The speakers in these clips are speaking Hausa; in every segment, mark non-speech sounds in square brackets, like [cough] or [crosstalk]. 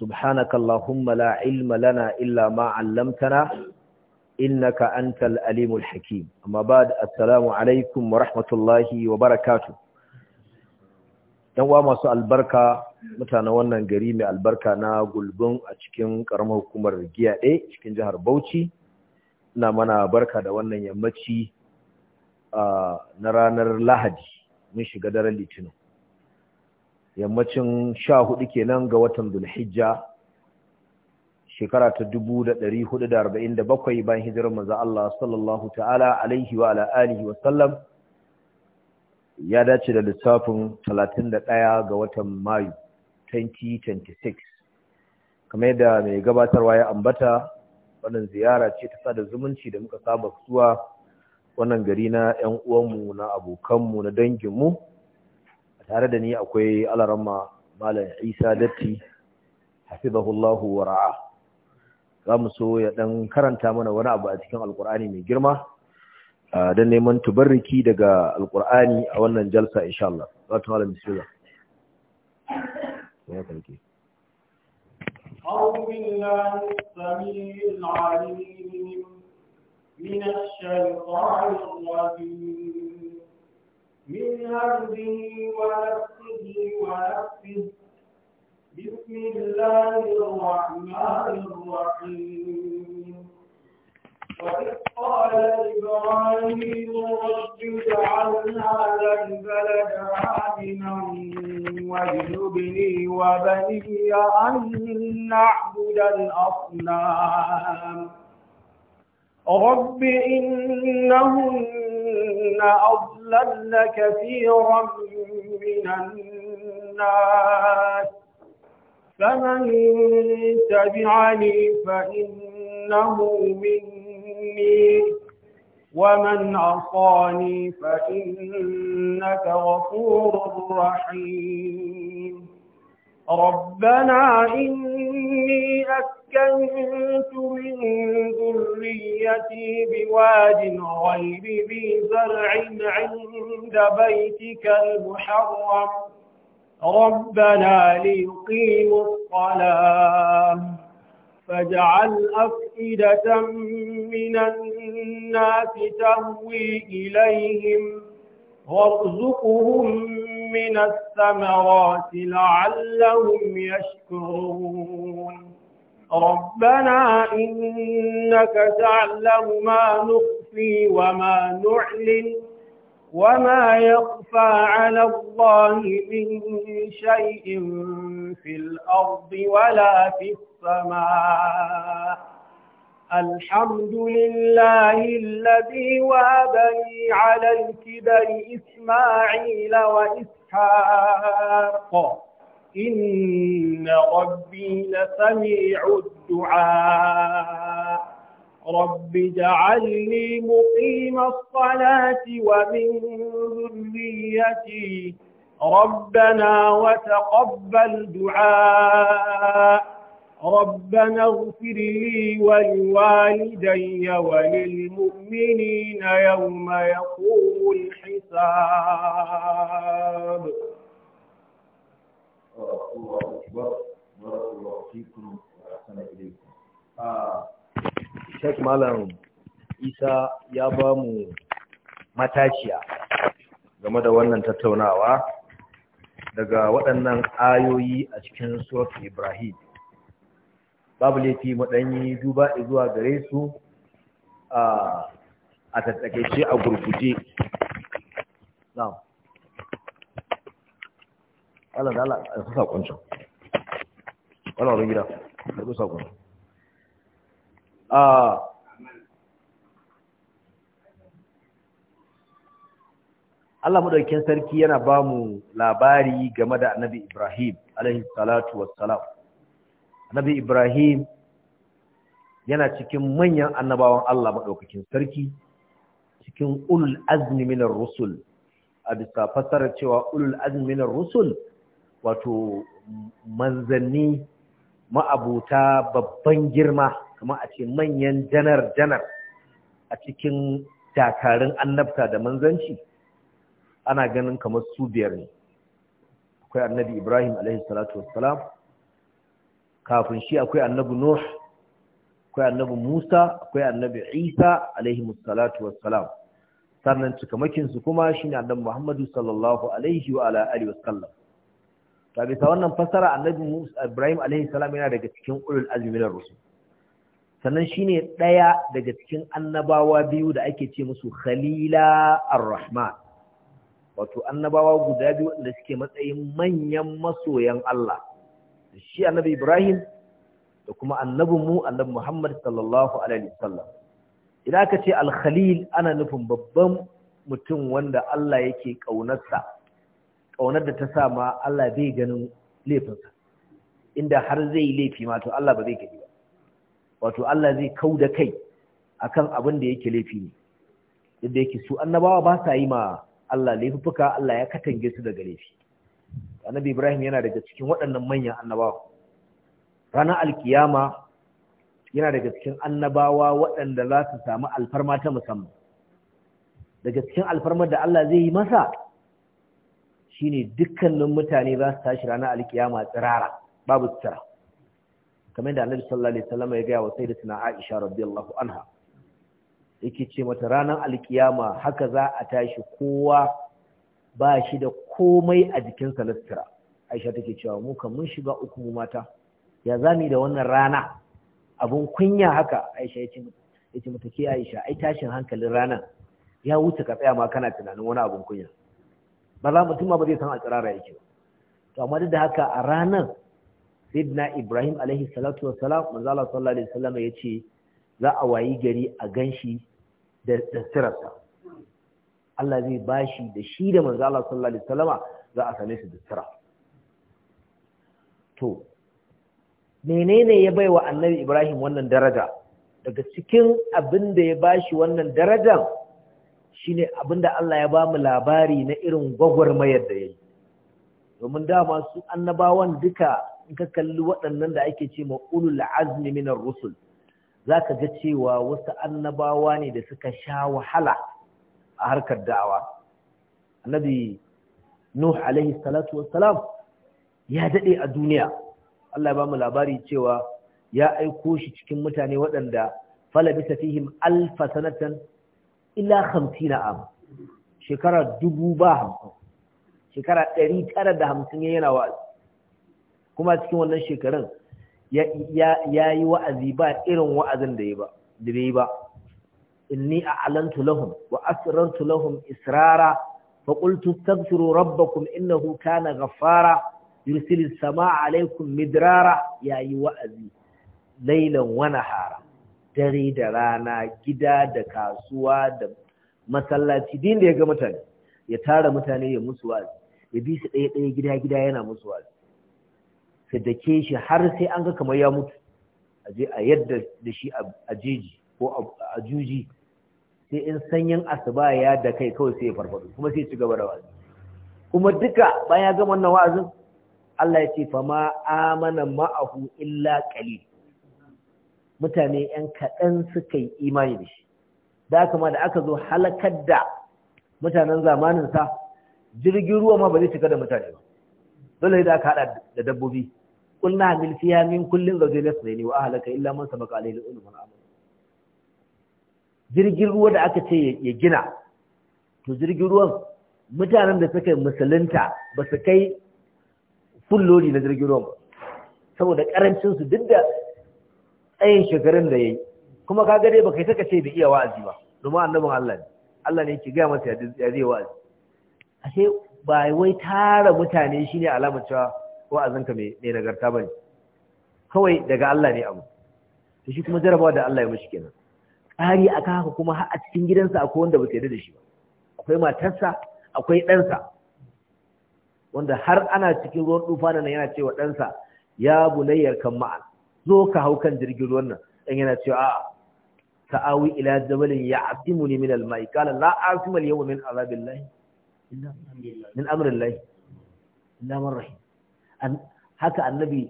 سبحانك اللهم لا علم لنا إلا ما علمتنا إنك أنت الأليم الحكيم أما بعد السلام عليكم ورحمة الله وبركاته yanuwa masu albarka mutane wannan gari mai albarka na gulbin a cikin ƙaramar hukumar giya ɗaya cikin jihar bauchi na mana barka da wannan yammaci ah, na ranar lahadi mun shiga daren litinin yammacin sha hudu kenan ga watan dulhijja shekara ta dubu da ɗari hudu da arba'in da bakwai bayan hijirar maza Allah sallallahu ta'ala alaihi wa ala'alihi ya dace da lissafin talatin da ɗaya ga watan mayu 2026 kamar da mai gabatarwa ya ambata wannan ziyara ce ta sada zumunci da muka saba zuwa wannan gari na 'yan uwanmu na abokanmu na danginmu tare da ni akwai alaramma malam isa datti hafizahullahu wa ra'a za mu so ya dan karanta mana wani abu a cikin alkur'ani mai girma don neman tubarriki daga alkur'ani a wannan jalsa insha Allah za ta malam bismillah ya أعوذ بالله السميع العليم من الشيطان الرجيم من همزه ونفسه ونفسه بسم الله الرحمن الرحيم وإذ قال إبراهيم رب اجعلنا هذا البلد آمنا واجنبني وبني أن نعبد الأصنام رب إنهن أضللن كثيرا من الناس فمن تبعني فإنه مني ومن عصاني فإنك غفور رحيم ربنا إني أسكنت من ذريتي بواد غير ذي زرع عند بيتك المحرم ربنا ليقيموا الصلاة فاجعل أفئدة من الناس تهوي إليهم وارزقهم من الثمرات لعلهم يشكرون ربنا إنك تعلم ما نخفي وما نعلن وما يخفى على الله من شيء في الأرض ولا في السماء الحمد لله الذي وابني على الكبر إسماعيل وإسحاق إن ربي لسميع الدعاء رب اجعلني مقيم الصلاة ومن ذريتي ربنا وتقبل دعاء ربنا اغفر لي والوالدي وللمؤمنين يوم يقوم الحساب Shek Malam Isa ya ba mu matashiya game da wannan tattaunawa daga waɗannan ayoyi a cikin Surat Ibrahim babu laifi mu yi duba zuwa gare su a tattake shi a gurguje na'am Allah da Allah ya kusa kunci wannan wani gida ya kusa kunci Allah madaukakin sarki yana ba mu labari game da Annabi Ibrahim alaihi salatu wassalam Nabi ibrahim yana cikin manyan annabawan Allah maɗaukakin sarki cikin ulul azmi minar rusul a bisa fasarar cewa ulul azmi minar rusul wato manzanni ma'abuta babban girma kuma a ce manyan janar-janar a cikin dakarun annabta da manzanci ana ganin kamar su biyar ne akwai annabi ibrahim alaihi salatu wassalam kafin shi akwai annabi nuh akwai annabi musa akwai annabi isa alaihi musallatu wassalam sannan cikamakin su kuma shine annabi muhammadu sallallahu alaihi wa ala alihi wasallam ta bisa wannan fasara annabi musa ibrahim alaihi salam yana daga cikin ulul azmi na rusul sannan shine daya daga cikin annabawa biyu da ake ce musu khalila ar-rahman wato annabawa guda biyu wanda suke matsayin manyan masoyan Allah shi annabi Ibrahim da kuma annabinmu annabi Muhammad sallallahu alaihi wasallam idan aka ce al-khalil ana nufin babban mutum wanda Allah yake kaunarsa kaunar da ta sa ma Allah bai ganin laifinsa inda har zai yi laifi ma to Allah ba zai gani ba wato Allah zai kau da kai akan abin da yake laifi ne yadda yake su annabawa ba sa yi ma Allah laifuka Allah ya katange su daga laifi annabi ibrahim yana daga cikin waɗannan manyan annabawa ranar alkiyama yana daga cikin annabawa waɗanda za su samu alfarma ta musamman daga cikin alfarmar da Allah zai yi masa shine dukkanin mutane za su tashi ranar alkiyama tsirara babu tsira kamar da annabi sallallahu alaihi wasallam ya gaya wa suna Aisha radiyallahu anha yake ce mata ranar alkiyama haka za a tashi kowa ba shi da komai a jikin lastira aisha take cewa mu kan mun shiga uku mu mata ya zami da wannan rana abun kunya haka aisha ya ce mata ke aisha ai tashin hankalin ranar ya wuce ka tsaya ma kana tunanin wani abun kunya ba za mu tuma ba zai san a tsirara yake ba to amma duk da haka a ranar sayyidina ibrahim alaihi salatu wassalam manzo Allah sallallahu alaihi wasallam ya za a wayi gari a ganshi da tsirarsa Allah zai ba shi da shi da manzo Allah sallallahu alaihi wasallama za a same su da to menene ya bai wa annabi Ibrahim wannan daraja daga cikin abin da ya bashi wannan darajar shine abin da Allah ya ba mu labari na irin gwagwarmayar da ya yi domin dama su annabawan duka in ka kalli waɗannan da ake ce ulul azmi minar rusul za ka ga cewa wasu annabawa ne da suka sha wahala a harkar da'awa annabi nuh alaihi salatu wassalam ya dade a duniya Allah ya ba mu labari cewa ya aiko shi cikin mutane waɗanda falabisa fihim alfa sanatan ila hamsina am shekara dubu ba hamsin shekara ɗari tara da hamsin yana wa'azi kuma cikin wannan shekarun ya yi wa'azi ba irin wa'azin da ya yi ba inni a'lantu lahum wa asrartu lahum israra fa qultu astaghfiru rabbakum innahu kana ghaffara yursilu as-samaa'a 'alaykum midrara yayi wa'azi laylan wa nahara dare da rana gida da kasuwa da masallaci din da ya ga mutane ya tara mutane ya musu wa'azi ya bi su ɗaya ɗaya gida gida yana musu wa'azi su dake shi har sai an ga kamar ya mutu a a yadda da shi a jeji ko a juji sai in sanyin asuba ya da kai kawai sai ya farfado kuma sai ya ci gaba da wa'azi kuma duka bayan ya gama wannan wa'azin Allah ya ce fa ma amana ma'ahu illa qalil mutane ‘yan kaɗan suka yi imani da shi, da kama da aka zo halakar da mutanen sa, jirgin ruwa ma ba zai cika da mutane ba, dole da aka haɗa da dabbobi, kullu hamil fiya min kullum zaune na wa ahlaka illa man sabaka alaihi ulumul amal jirgin ruwa da aka ce ya gina to jirgin ruwan mutanen da suka musulunta ba su kai fulloli na jirgin ruwan ba saboda karancinsu duk da tsayin shekarun da ya yi kuma ka gade ba kai saka ce bai iya wa'azi ba domin annabin Allah ne Allah ne yake gaya masa ya zai wa'azi ashe ba wai tara mutane shine alamar cewa wa'azinka mai nagarta bane kawai daga Allah ne abu to shi kuma jarabawa da Allah ya mishi kenan ƙari a haka kuma a cikin gidansa akwai wanda ba su yarda da shi ba akwai matarsa akwai ɗansa wanda har ana cikin ruwan tufana nan yana cewa ɗansa ya bunayyar kan ma'an zo ka hau kan jirgin ruwan nan ɗan yana cewa a'a ta'awi ila jabalin ya asimu ni min almai qala la asima al-yawma min azabillahi min amrillahi illa man rahim haka annabi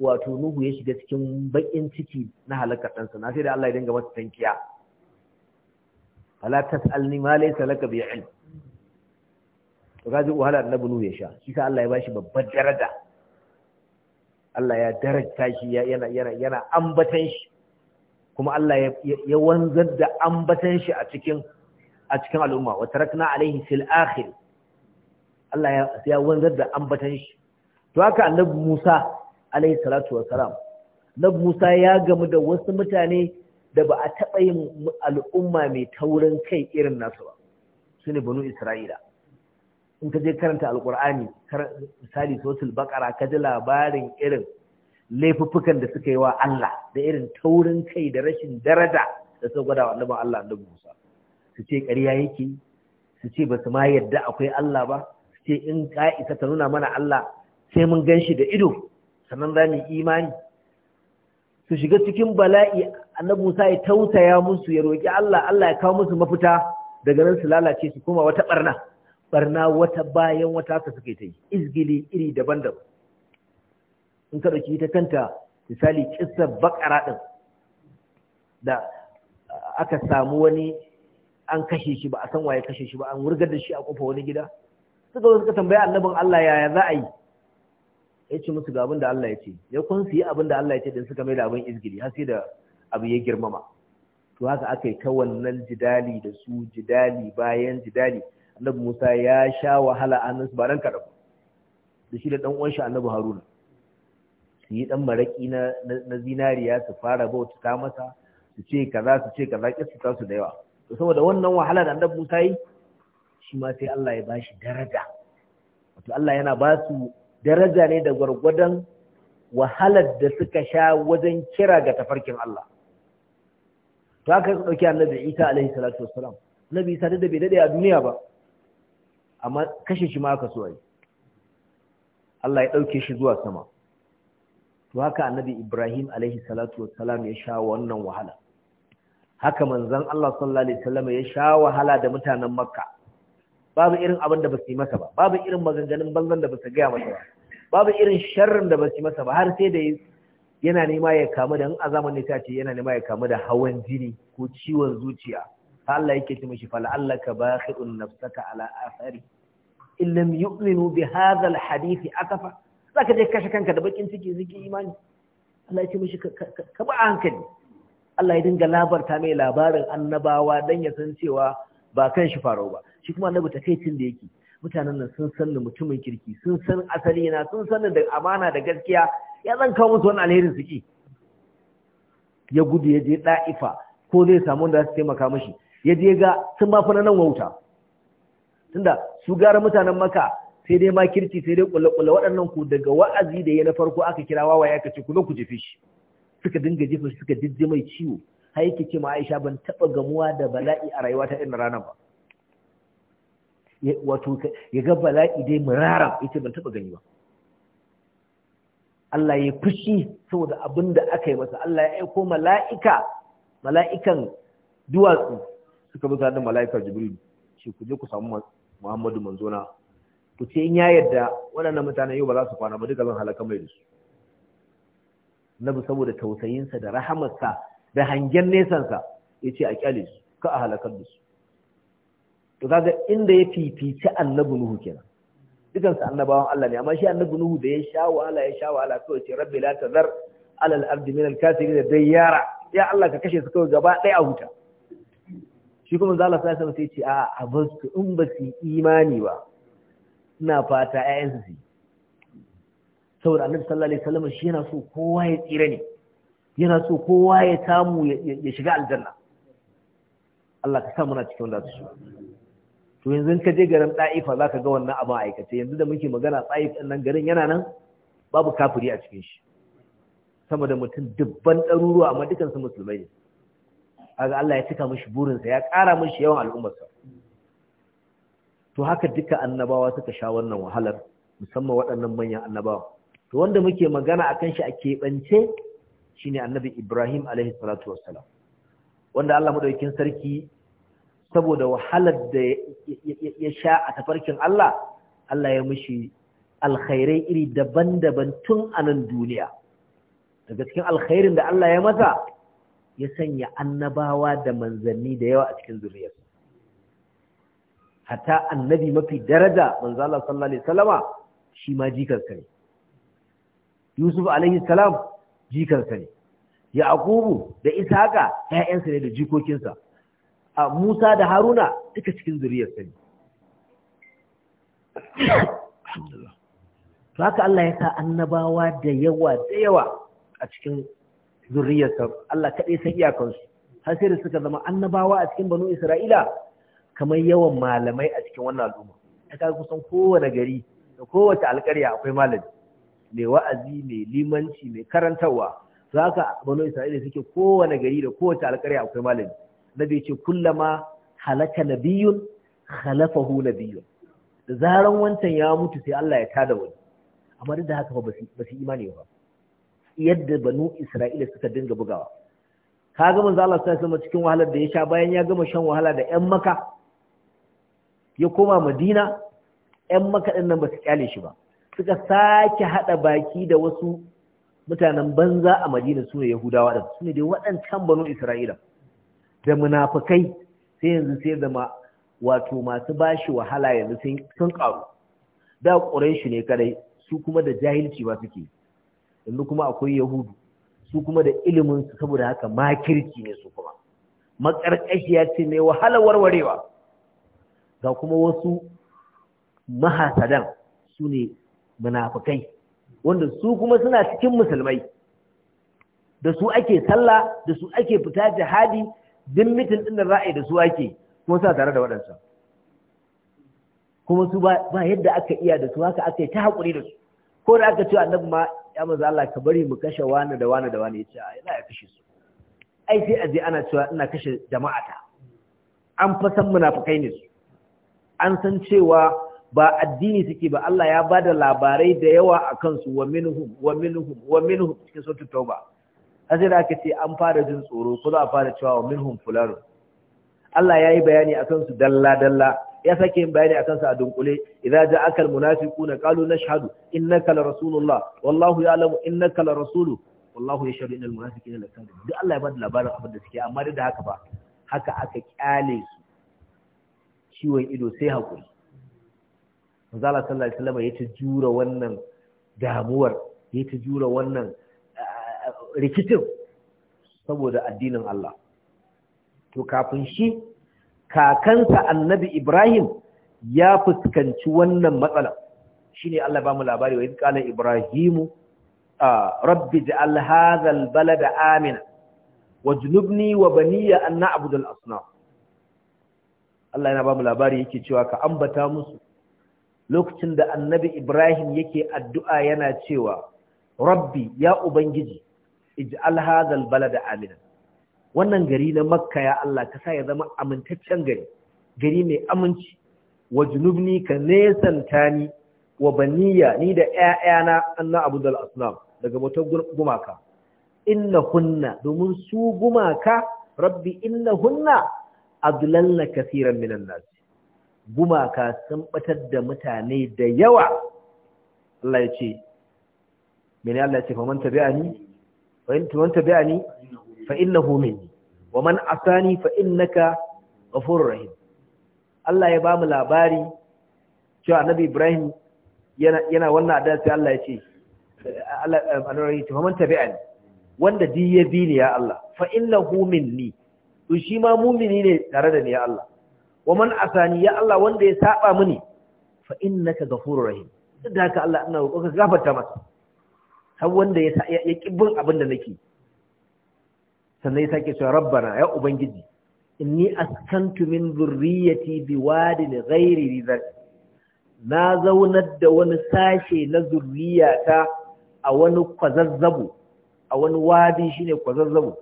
wato Nuhu ya shiga cikin baƙin ciki na halakar ɗansa na sai da Allah ya dinga masa tankiya fala tas'alni ma laysa laka bi ilm to kaji wahala annabi Nuhu ya sha shi sa Allah ya bashi babbar daraja Allah ya daraja shi yana yana yana ambatan shi kuma Allah ya wanzar da ambatan shi a cikin a cikin al'umma wa tarakna alaihi fil akhir Allah ya wanzar da ambatan shi to haka annabi Musa alaihi salatu wassalam annabi Musa ya gamu da wasu mutane da ba a taɓa yin al'umma mai taurin kai irin nasu ba su ne banu Isra'ila in ka je karanta alƙur'ani misali sosul baƙara ka ji labarin irin laifuffukan da suka yi wa Allah da irin taurin kai da rashin daraja da suka gwada wa annabi Allah annabi Musa su ce ƙarya yake su ce ba su ma yadda akwai Allah ba su ce in ka isa ta nuna mana Allah sai mun gan shi da ido sannan za mu imani su shiga cikin bala'i annabi Musa ya tausaya musu ya roƙi Allah Allah ya kawo musu mafita daga nan su lalace su koma wata barna barna wata bayan wata haka suke ta yi izgili iri daban-daban in ka ɗauki ta kanta misali kissar bakara din da aka samu wani an kashe shi ba a san waye kashe shi ba an wurgar da shi a kofa wani gida suka zo suka tambaya annabin Allah yaya za a yi ya ce musu ga abin da Allah ya ce ya kun su yi abin da Allah ya ce din suka mai da abin izgili har sai da abu ya girmama to haka aka yi ta wannan jidali da su jidali bayan jidali annabi Musa ya sha wahala a ba ran kaɗan da shi da ɗan uwan shi annabi Haruna su yi ɗan maraƙi na na zinariya su fara bauta masa su ce kaza su ce kaza kisa su da yawa to saboda wannan wahala da annabi Musa yi shi ma sai Allah ya bashi daraja wato Allah yana ba su daraja ne da gwargwadon wahalar da suka sha wajen kira ga tafarkin Allah to haka su dauki annabi Isa alaihi salatu wassalam annabi Isa da bai dade a duniya ba amma kashe shi ma aka so ai Allah ya dauke shi zuwa sama to haka annabi Ibrahim alaihi salatu wassalam ya sha wannan wahala haka manzon Allah sallallahu alaihi wasallam ya sha wahala da mutanen Makka babu irin abin da ba su yi masa ba babu irin maganganun banzan da ba su gaya masa ba babu irin sharrin da ba su yi masa ba har sai da yana nema ya kamu da in a zamanin ta ce yana nema ya kamu da hawan jini ko ciwon zuciya fa Allah yake ce mishi fa la'allaka bakhi'un nafsaka ala athari in lam yu'minu bi hadha al-hadith zaka je kashe kanka da bakin ciki ziki imani Allah ya ce mishi ka ba hankali Allah ya dinga labarta mai labarin annabawa dan ya san cewa ba kan shi faro ba shi kuma annabi takeicin da yake mutanen nan sun san da mutumin kirki sun san asali yana sun san da amana da gaskiya ya zan kawo musu wani alherin ki? ya gudu ya je da'ifa ko zai samu wanda su taimaka mashi ya je ga sun ba fana nan wauta tunda su gara mutanen maka sai dai ma kirki sai dai kule kula waɗannan ku daga wa'azi da ya na farko aka kira wawa ya kace ku zo ku jefe shi suka dinga jefe shi suka jijji mai ciwo har yake ce ma Aisha ban taba gamuwa da bala'i a rayuwa ta irin rana ba wato ya ga bala'i dai murara ita ban taba gani ba Allah ya fushi saboda abin da aka yi masa Allah ya aiko mala'ika mala'ikan duwatsu suka bi da mala'ikar Jibril shi ku je ku samu Muhammadu manzona ku ce in ya yarda waɗannan mutane yau ba za su kwana ba duka zan halaka mai da su nabi saboda tausayinsa da rahamarsa da hangen nesansa ya ce a kyale su ka a halakar da su to kaga inda ya fifici annabi nuhu kenan dukan su annabawan Allah ne amma shi annabi nuhu da ya sha wahala ya sha wahala kawai ce rabbi la tazar ala al-ardi min al-kafirin da dayyara ya Allah ka kashe su kawai gaba ɗaya a huta shi kuma zalla sai sai ce a a basu in ba su imani ba ina fata ayyan su saboda annabi sallallahu alaihi wasallam shi yana so kowa ya tsira ne yana so kowa ya samu ya shiga aljanna Allah ka sa muna cikin wanda su to yanzu ka je garin ɗa'ifa za ka ga wannan a aikace yanzu da muke magana ɗa'if ɗin nan garin yana nan babu kafiri a cikin shi sama da mutum dubban ɗaruruwa amma su musulmai ne kaga Allah ya cika mishi burinsa ya ƙara mishi yawan al'ummarsa to haka duka annabawa suka sha wannan wahalar musamman waɗannan manyan annabawa to wanda muke magana akan shi a keɓance shine annabi Ibrahim alaihi salatu wassalam wanda Allah madaukakin sarki saboda wahalar da ya sha a tafarkin Allah Allah ya mushi alkhairai iri daban-daban tun a nan duniya daga cikin alkhairin da Allah ya masa ya sanya annabawa da manzanni da yawa a cikin zuriyarsa hata annabi mafi daraja manzo Allah sallallahu alaihi wasallama shi ma jikarsa ne Yusuf alaihi salam jikarsa ne Yaqubu da Isaka ƴaƴansa ne da jikokinsa a Musa da Haruna duka cikin zuriyar sani to haka Allah ya sa annabawa da yawa da yawa a cikin zuriyar Allah kaɗai san iyakansu har da suka zama annabawa a cikin banu Isra'ila kamar yawan malamai a cikin wannan al'umma ta kai kusan kowane gari da kowace alƙarya akwai malami mai wa'azi mai limanci mai karantarwa to haka banu Isra'ila suke kowane gari da kowace alƙarya akwai malami nabi ce kullama halaka nabiyun khalafahu nabiyun da zaran wancan ya mutu sai Allah ya tada wani amma duk da haka ba su imani ba yadda banu Isra'ila suka dinga bugawa ka ga manzo Allah sai sama cikin wahalar da ya sha bayan ya gama shan wahala da ƴan maka ya koma Madina ƴan maka din nan ba su kyale shi ba suka sake hada baki da wasu mutanen banza a Madina su ne Yahudawa da su ne dai waɗancan banu Isra'ila da munafakai, sai yanzu sai zama wato masu bashi wahala yanzu sun karu da shi ne kadai su kuma da jahilci ba suke yanzu kuma akwai yahudu su kuma da ilimin su saboda haka makirci ne su kuma makarkashiya ce mai wahala warwarewa ga kuma wasu mahasadan su ne munafukai wanda su kuma suna cikin musulmai da su ake sallah da su ake fita jihadi din mitin ɗin da za a yi da su ake ko sa tare da waɗansa kuma su ba yadda aka iya da su haka aka yi ta haƙuri da su ko da aka ce annabi ma ya maza Allah ka bari mu kashe wani da wani da wani ya ce ina ya kashe su ai sai aje ana cewa ina kashe jama'a ta an fa san munafukai ne su an san cewa ba addini suke ba Allah ya ba da labarai da yawa a kansu wa minhum wa minhum wa minhum cikin sautin tauba azai da aka ce an fara jin tsoro ko za a fara cewa wa minhum fulan Allah yayi bayani akan su dalla dalla ya sake yin bayani akan su a dunkule idza ja'aka almunafiquna qalu nashhadu innaka la rasulullah wallahu ya'lamu innaka la rasulu wallahu yashhadu innal munafiqina lakadibun duk Allah ya bada labarin abin da suke amma duk da haka ba haka aka kyale su ciwon ido sai hakuri manzo Allah sallallahu alaihi wasallam ya ta jura wannan damuwar ya ta jura wannan rikicin saboda addinin Allah to kafin shi kakansa annabi Ibrahim ya fuskanci wannan matsala shine Allah ba mu labari wa kanan ibrahimu ah, rabbi da Alhazal Bala da amina wajnubni wa baniya an na'budu al-asnam Allah yana ba mu labari yake cewa ka ambata musu lokacin da annabi Ibrahim yake addu'a yana cewa rabbi ya ubangiji ij'al hadzal balada amina wannan gari na makka ya Allah ka sa ya zama amintaccen gari gari mai aminci wa junubni ka nesanta ni wa baniya ni da ƴaƴana anna abudul asnam daga bautar gumaka inna hunna domin su gumaka rabbi inna hunna adlalna kaseeran minan nas gumaka sun batar da mutane da yawa Allah ya ce mene Allah ya ce faman tabi'ani fa in tuwanta bi'ani fa innahu minni wa man asani fa innaka ghafurur rahim Allah ya bamu labari cewa Annabi Ibrahim yana yana wannan addu'a sai Allah ya ce Allah annabi ta man tabi'ani wanda di ya bi ni ya Allah fa innahu minni to shi ma mumini ne tare da ni ya Allah wa man asani ya Allah wanda ya duk da haka Allah ina roƙo ka har wanda ya ya bin abin da nake sannan ya sake cewa rabbana ya ubangiji inni askantu min zurriyati biwadin ghairi rizq na zaunar da wani sashe na zurriyata a wani kwazazzabo a wani wadi shine kwazazzabo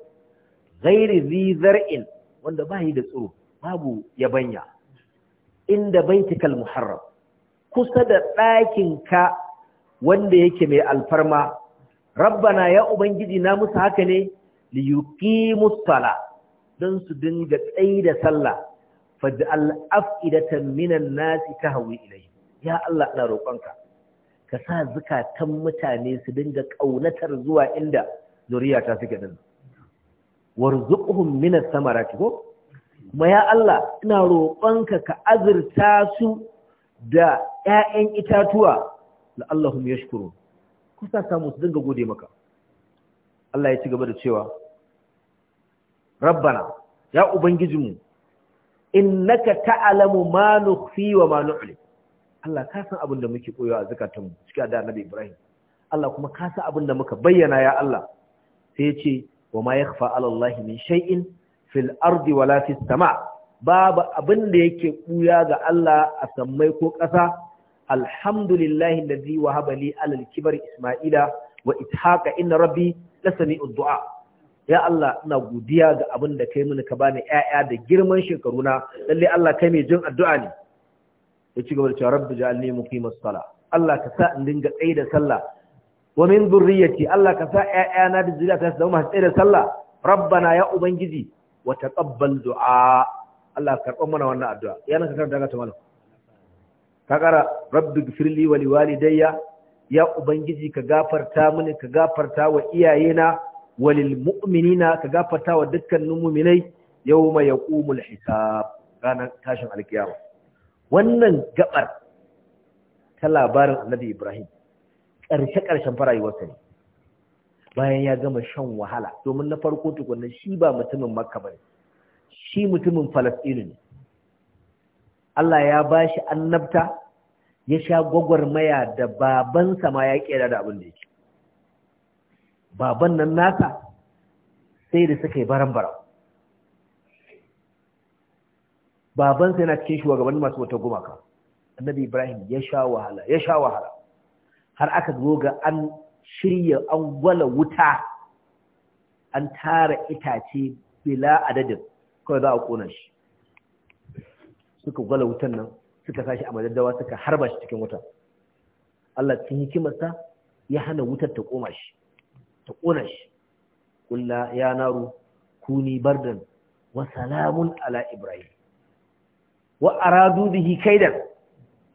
ghairi rizqin wanda bai da tsoro babu yabanya inda baitikal muharram kusa da ɗakinka wanda yake mai alfarma rabbana ya ubangiji na musu haka ne li yuqimu ssala dan su dinga tsayi da sallah al af'idatan minan nasi tahwi ilayhi ya Allah ina roƙonka ka sa zukatan mutane su dinga kaunatar zuwa inda zuriya ta suke din warzuqhum minas samarati ko kuma ya Allah ina roƙonka ka azurta su da ƴaƴan itatuwa allahum yashkurun kusa samu su dinga gode maka Allah ya ci gaba da cewa rabbana ya ubangijinmu innaka ta'lamu ma nukhfi wa ma nu'li Allah ka san abin da muke koyo a zakatunmu cikin da Annabi Ibrahim Allah kuma ka san abin da muka bayyana ya Allah sai ya ce wa ma yakhfa 'ala Allah min shay'in fil ardi wala fis sama' babu abin da yake buya ga Allah a sammai ko ƙasa alhamdulillahi allazi wahaba li alal kibar isma'ila wa ithaqa inna rabbi lasami'ud du'a ya Allah ina godiya ga abin da kai mini ka bani ƴaƴa da girman shekaru na lalle Allah kai mai jin addu'a ne ya ci gaba da cewa rabbi ja'alni muqimas sala Allah ka sa in dinga tsaye da sallah wa min dhurriyyati Allah ka sa ƴaƴa ƴaƴana da zuriyata su zama tsaye da sallah rabbana ya ubangiji wa taqabbal du'a Allah karɓar mana wannan addu'a yana ka karanta ga ta malam ka kara rabbi gfirli wa liwalidayya ya ubangiji ka gafarta mini ka gafarta wa iyayena walil mu'minina ka gafarta wa dukkanin mu'minai yawma yaqumul hisab ranar tashin alkiyama wannan gabar ta labarin annabi Ibrahim ƙarshe ƙarshen farayuwarsa ne bayan ya gama shan wahala domin na farko tukunna shi ba mutumin Makka bane shi mutumin Falasɗini. ne Allah ya ba shi annabta ya sha gwagwarmaya da babansa ma ya kera da abin da yake baban nan nasa sai da suka yi baran-baran babansa yana cikin shugabannin masu wata gumaka annabi ibrahim ya sha wahala ya sha wahala har aka zo ga an shirya an gwala wuta an tara itace bila adadin kawai za a kona shi suka gwala wutan nan suka sashi a madaddawa suka harba shi cikin wuta Allah cikin hikimarsa ya hana wutar ta koma shi ta kona shi kulla ya naru kuni bardan wa salamun ala ibrahim wa aradu bihi kaidan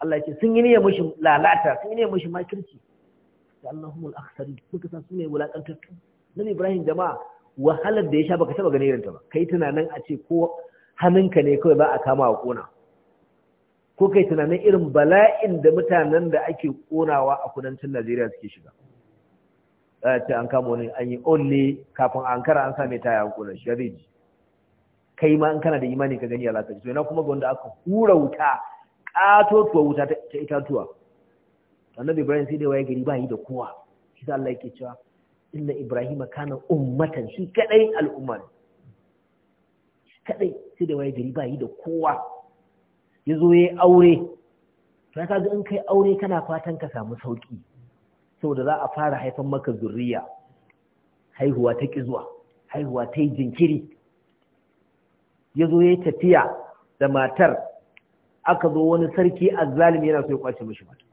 Allah ya ce sun yi niyyar mushi lalata sun yi niyyar mushi makirci da Allahumul akhsari suka san su ne wulakantattu nabi ibrahim jama'a wahalar da ya sha baka taba ganin irin ta ba kai tunanin a ce ko hannunka ne kawai ba a kama wa kona ko kai tunanin irin bala'in da mutanen da ake konawa a kudancin Najeriya suke shiga ce an kama wani an yi only kafin an kara an same taya an kona shi ji kai ma in kana da imani ka gani alaka to ina kuma ga wanda aka hura wuta tuwa wuta ta itatuwa annabi Ibrahim sai dai waye gari ba yi da kowa shi da Allah yake cewa inna Ibrahim kana ummatan shi kadai al'umma kadai sai da waye gari ba yi da kowa ya zo ya aure ya kaga in kai aure kana fatan ka samu sauki saboda za a fara haifan maka zurriya haihuwa ta ƙi zuwa haihuwa ta yi jinkiri ya zo ya tafiya da matar aka zo wani sarki zalimi yana so ya kwace mashi mata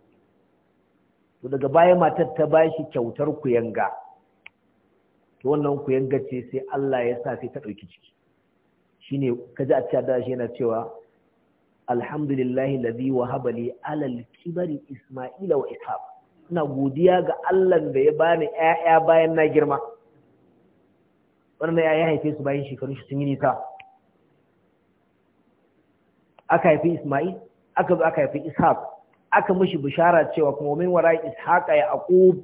to daga baya matar ta ba shi kyautar kuyanga to wannan kuyanga ce sai Allah ya sa sai ta ɗauki ciki Shi ne, a ji a cewa الحمد لله الذي وهب alal على الكبر wa ishaq ina godiya ga Allah da ya bani ƴaƴa bayan na girma wannan ya haife su bayan shekaru shi sun yi nisa aka haifi Ismail aka zo aka haifi Ishaq aka mishi bishara cewa kuma min wara Ishaqa Yaqub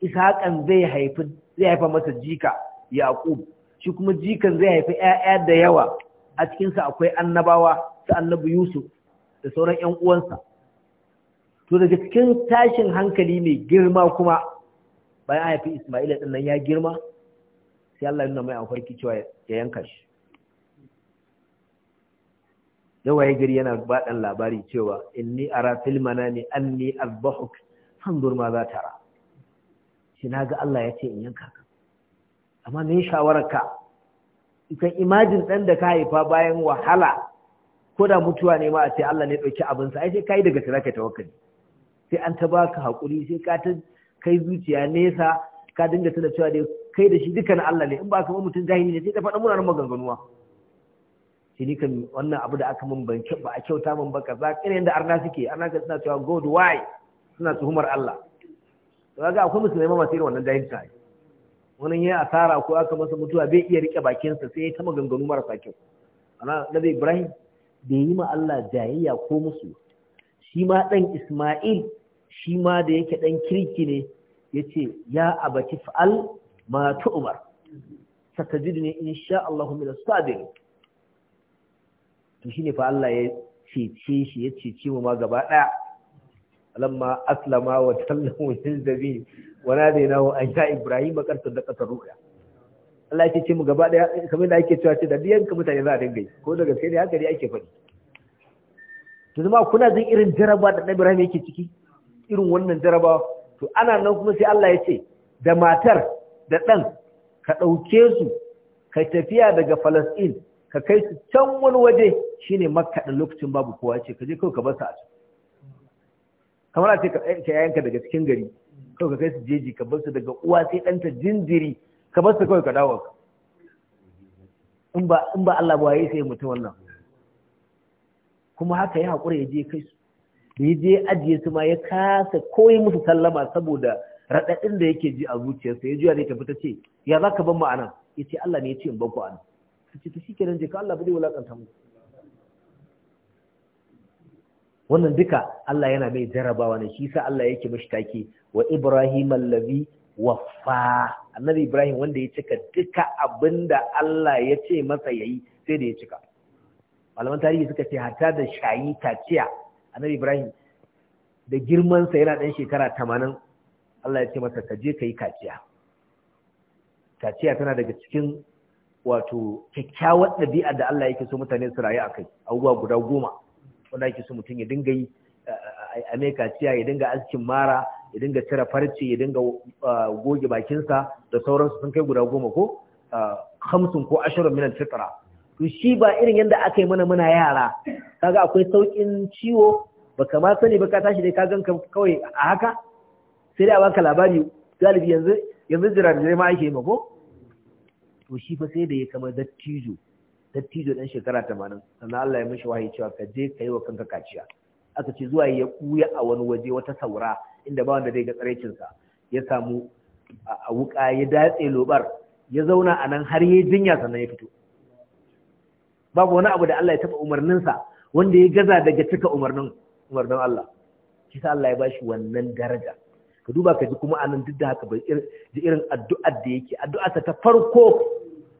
Ishaqan zai haifi zai haifa masa jika Yaqub shi kuma jikan zai haifi ƴaƴa da yawa a cikin sa akwai annabawa su annabi Yusuf da sauran ‘yan uwansa. To daga cikin tashin hankali mai girma kuma bayan haifi Ismaila ɗin nan ya girma, sai Allah nuna mai amfarki cewa ya yanka shi. Yawa ya gari yana baɗan labari cewa inni ara filmana ne an ni azbahuk fandur ma za ta ra. Shi na ga Allah ya ce in yanka ka. Amma me shawararka? Ikan imajin ɗan da ka haifa bayan wahala ko da mutuwa ne ma a ce Allah ne ɗauki abinsa ai sai ka yi daga tara ka tawakkali sai an ta baka haƙuri sai ka ta kai zuciya nesa ka dinga tana cewa dai kai da shi dukkan Allah ne in ba ka ba mutum jahili ne sai ta faɗa munanan maganganuwa shi ne kan wannan abu da aka min ban ba a kyauta min ba kaza irin da arna suke arna ka suna cewa god why suna tuhumar Allah to kaga akwai musulmai ma masu irin wannan jahilta wani ya asara ko aka masa mutuwa bai iya rike bakinsa sai ya ta maganganu marasa kyau ana nabi Ibrahim bai yi ma Allah jayayya ko musu shi ma ɗan Ismail shi ma da yake ɗan kirki ne ya ce ya abaki fa'al ma tu'umar sakajidu ne in sha Allah min sabiri to shine fa Allah ya cece shi ya cece mu ma gaba ɗaya lamma aslama wa tallamu lil zabi wa nadainahu an ya ibrahim qad ƙasar ruya Allah ya ce mu gaba daya kamar da ake cewa ce da biyan ka mutane za a dinga yi ko da gaske ne haka ake faɗi to zama kuna jin irin jaraba da Nabi Ibrahim yake ciki irin wannan jaraba to ana nan kuma sai Allah ya ce da matar da ɗan ka ɗauke su ka tafiya daga Falasɗin ka kai su can wani waje shine Makka da lokacin babu kowa ce ka je kawai ka bar su a can kamar a ce ka eh, yanka daga cikin gari kawai ka kai su jeji ka bar su daga uwa sai ɗanta jinjiri ka bar su kawai ka dawo in ba allah ba Allah yi sai mutu wannan kuma haka ya haƙura ya je kai su da ya je ajiye su ma ya kasa koyi musu sallama saboda raɗaɗin da yake ji a zuciyarsa ya juya ne tafi ta ce ya za ka ban ma'ana ya ce Allah ne ya ce in ban ku ana ta ce ta shi kenan je ka Allah bude wulaƙanta mu wannan duka Allah yana mai jarabawa ne shi sa Allah yake mashi take wa Ibrahim allazi waffa annabi ibrahim wanda ya cika duka abinda Allah ya ce masa yayi sai da ya cika malaman tarihi suka ce Hata da shayi taciya annabi ibrahim da girman sa yana dan shekara 80 Allah ya ce masa ka je kai kaciya kaciya tana daga cikin wato kyakkyawar ɗabi'a da Allah yake so mutane su rayu akai abubuwa guda goma wanda yake so mutum ya dinga yi a mai kaciya ya dinga askin mara ya dinga cire farce ya dinga ah, goge bakinsa da sauransu sun kai guda goma ko ah, hamsin ko ashirin minan fitra to shi ba irin yadda aka yi mana muna yara kaga akwai saukin ciwo ba ma sani ba ka tashi dai ka gan kawai a haka sai dai a baka labari galibi yanzu yanzu jirage ma ake yi ma ko to shi fa sai da ya kama dattijo dattijo dan shekara tamanin. sannan Allah ya mishi wahayi cewa ka je ka yi wa kanka kaciya aka ce zuwa ya kuya a wani waje wata saura inda ba wanda zai ga tsaraicinsa ya samu a wuka ya datse lobar ya zauna a nan har yi jinya sannan ya fito babu wani abu da Allah ya taɓa umarninsa wanda ya gaza daga cika umarnin umarnin Allah shi sa Allah ya bashi wannan daraja ka duba ka ji kuma a nan duk da haka bai ji irin addu'ar da yake addu'arsa ta farko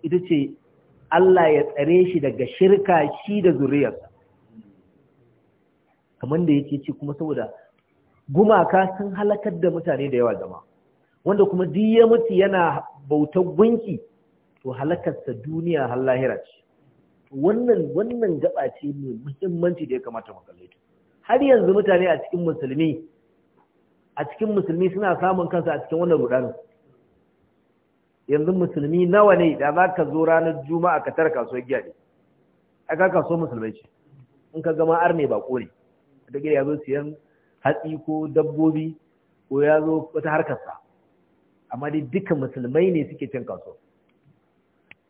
ita ce Allah ya tsare shi daga shirka shi da zuriyarsa kamar da yake ce kuma saboda gumaka sun halakar da mutane da yawa zama wanda kuma duk ya mutu yana bautar gunki to halakarsa duniya har lahira ce wannan wannan gaba ce mai muhimmanci da ya kamata mu kalle ta har yanzu mutane a cikin musulmi a cikin musulmi suna samun kansa a cikin wannan rudanin yanzu musulmi nawa ne da za ka zo ranar juma'a ka tara kasuwar giya ne a ka kaso musulmai ce in ka gama arne ne ba kore da gida ya zo siyan hatsi ko dabbobi ko ya zo wata harkarsa amma dai duka musulmai ne suke cin kasuwa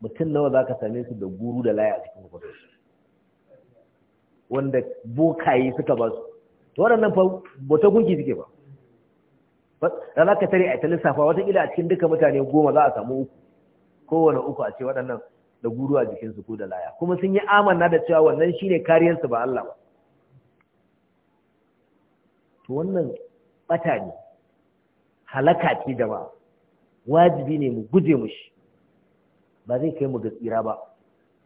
mutum nawa za ka same su da guru da laya a cikin kwatansu wanda bokaye suka ba su to waɗannan fa bota gunki suke ba da za ka tare a ta lissafa watakila a cikin duka mutane goma za a samu uku kowane uku a ce waɗannan da guru a jikinsu ko da laya kuma sun yi amanna da cewa wannan shine kariyarsu ba Allah ba to wannan bata ne halaka ce jama'a wajibi ne mu guje mushi ba zai kai mu ga tsira ba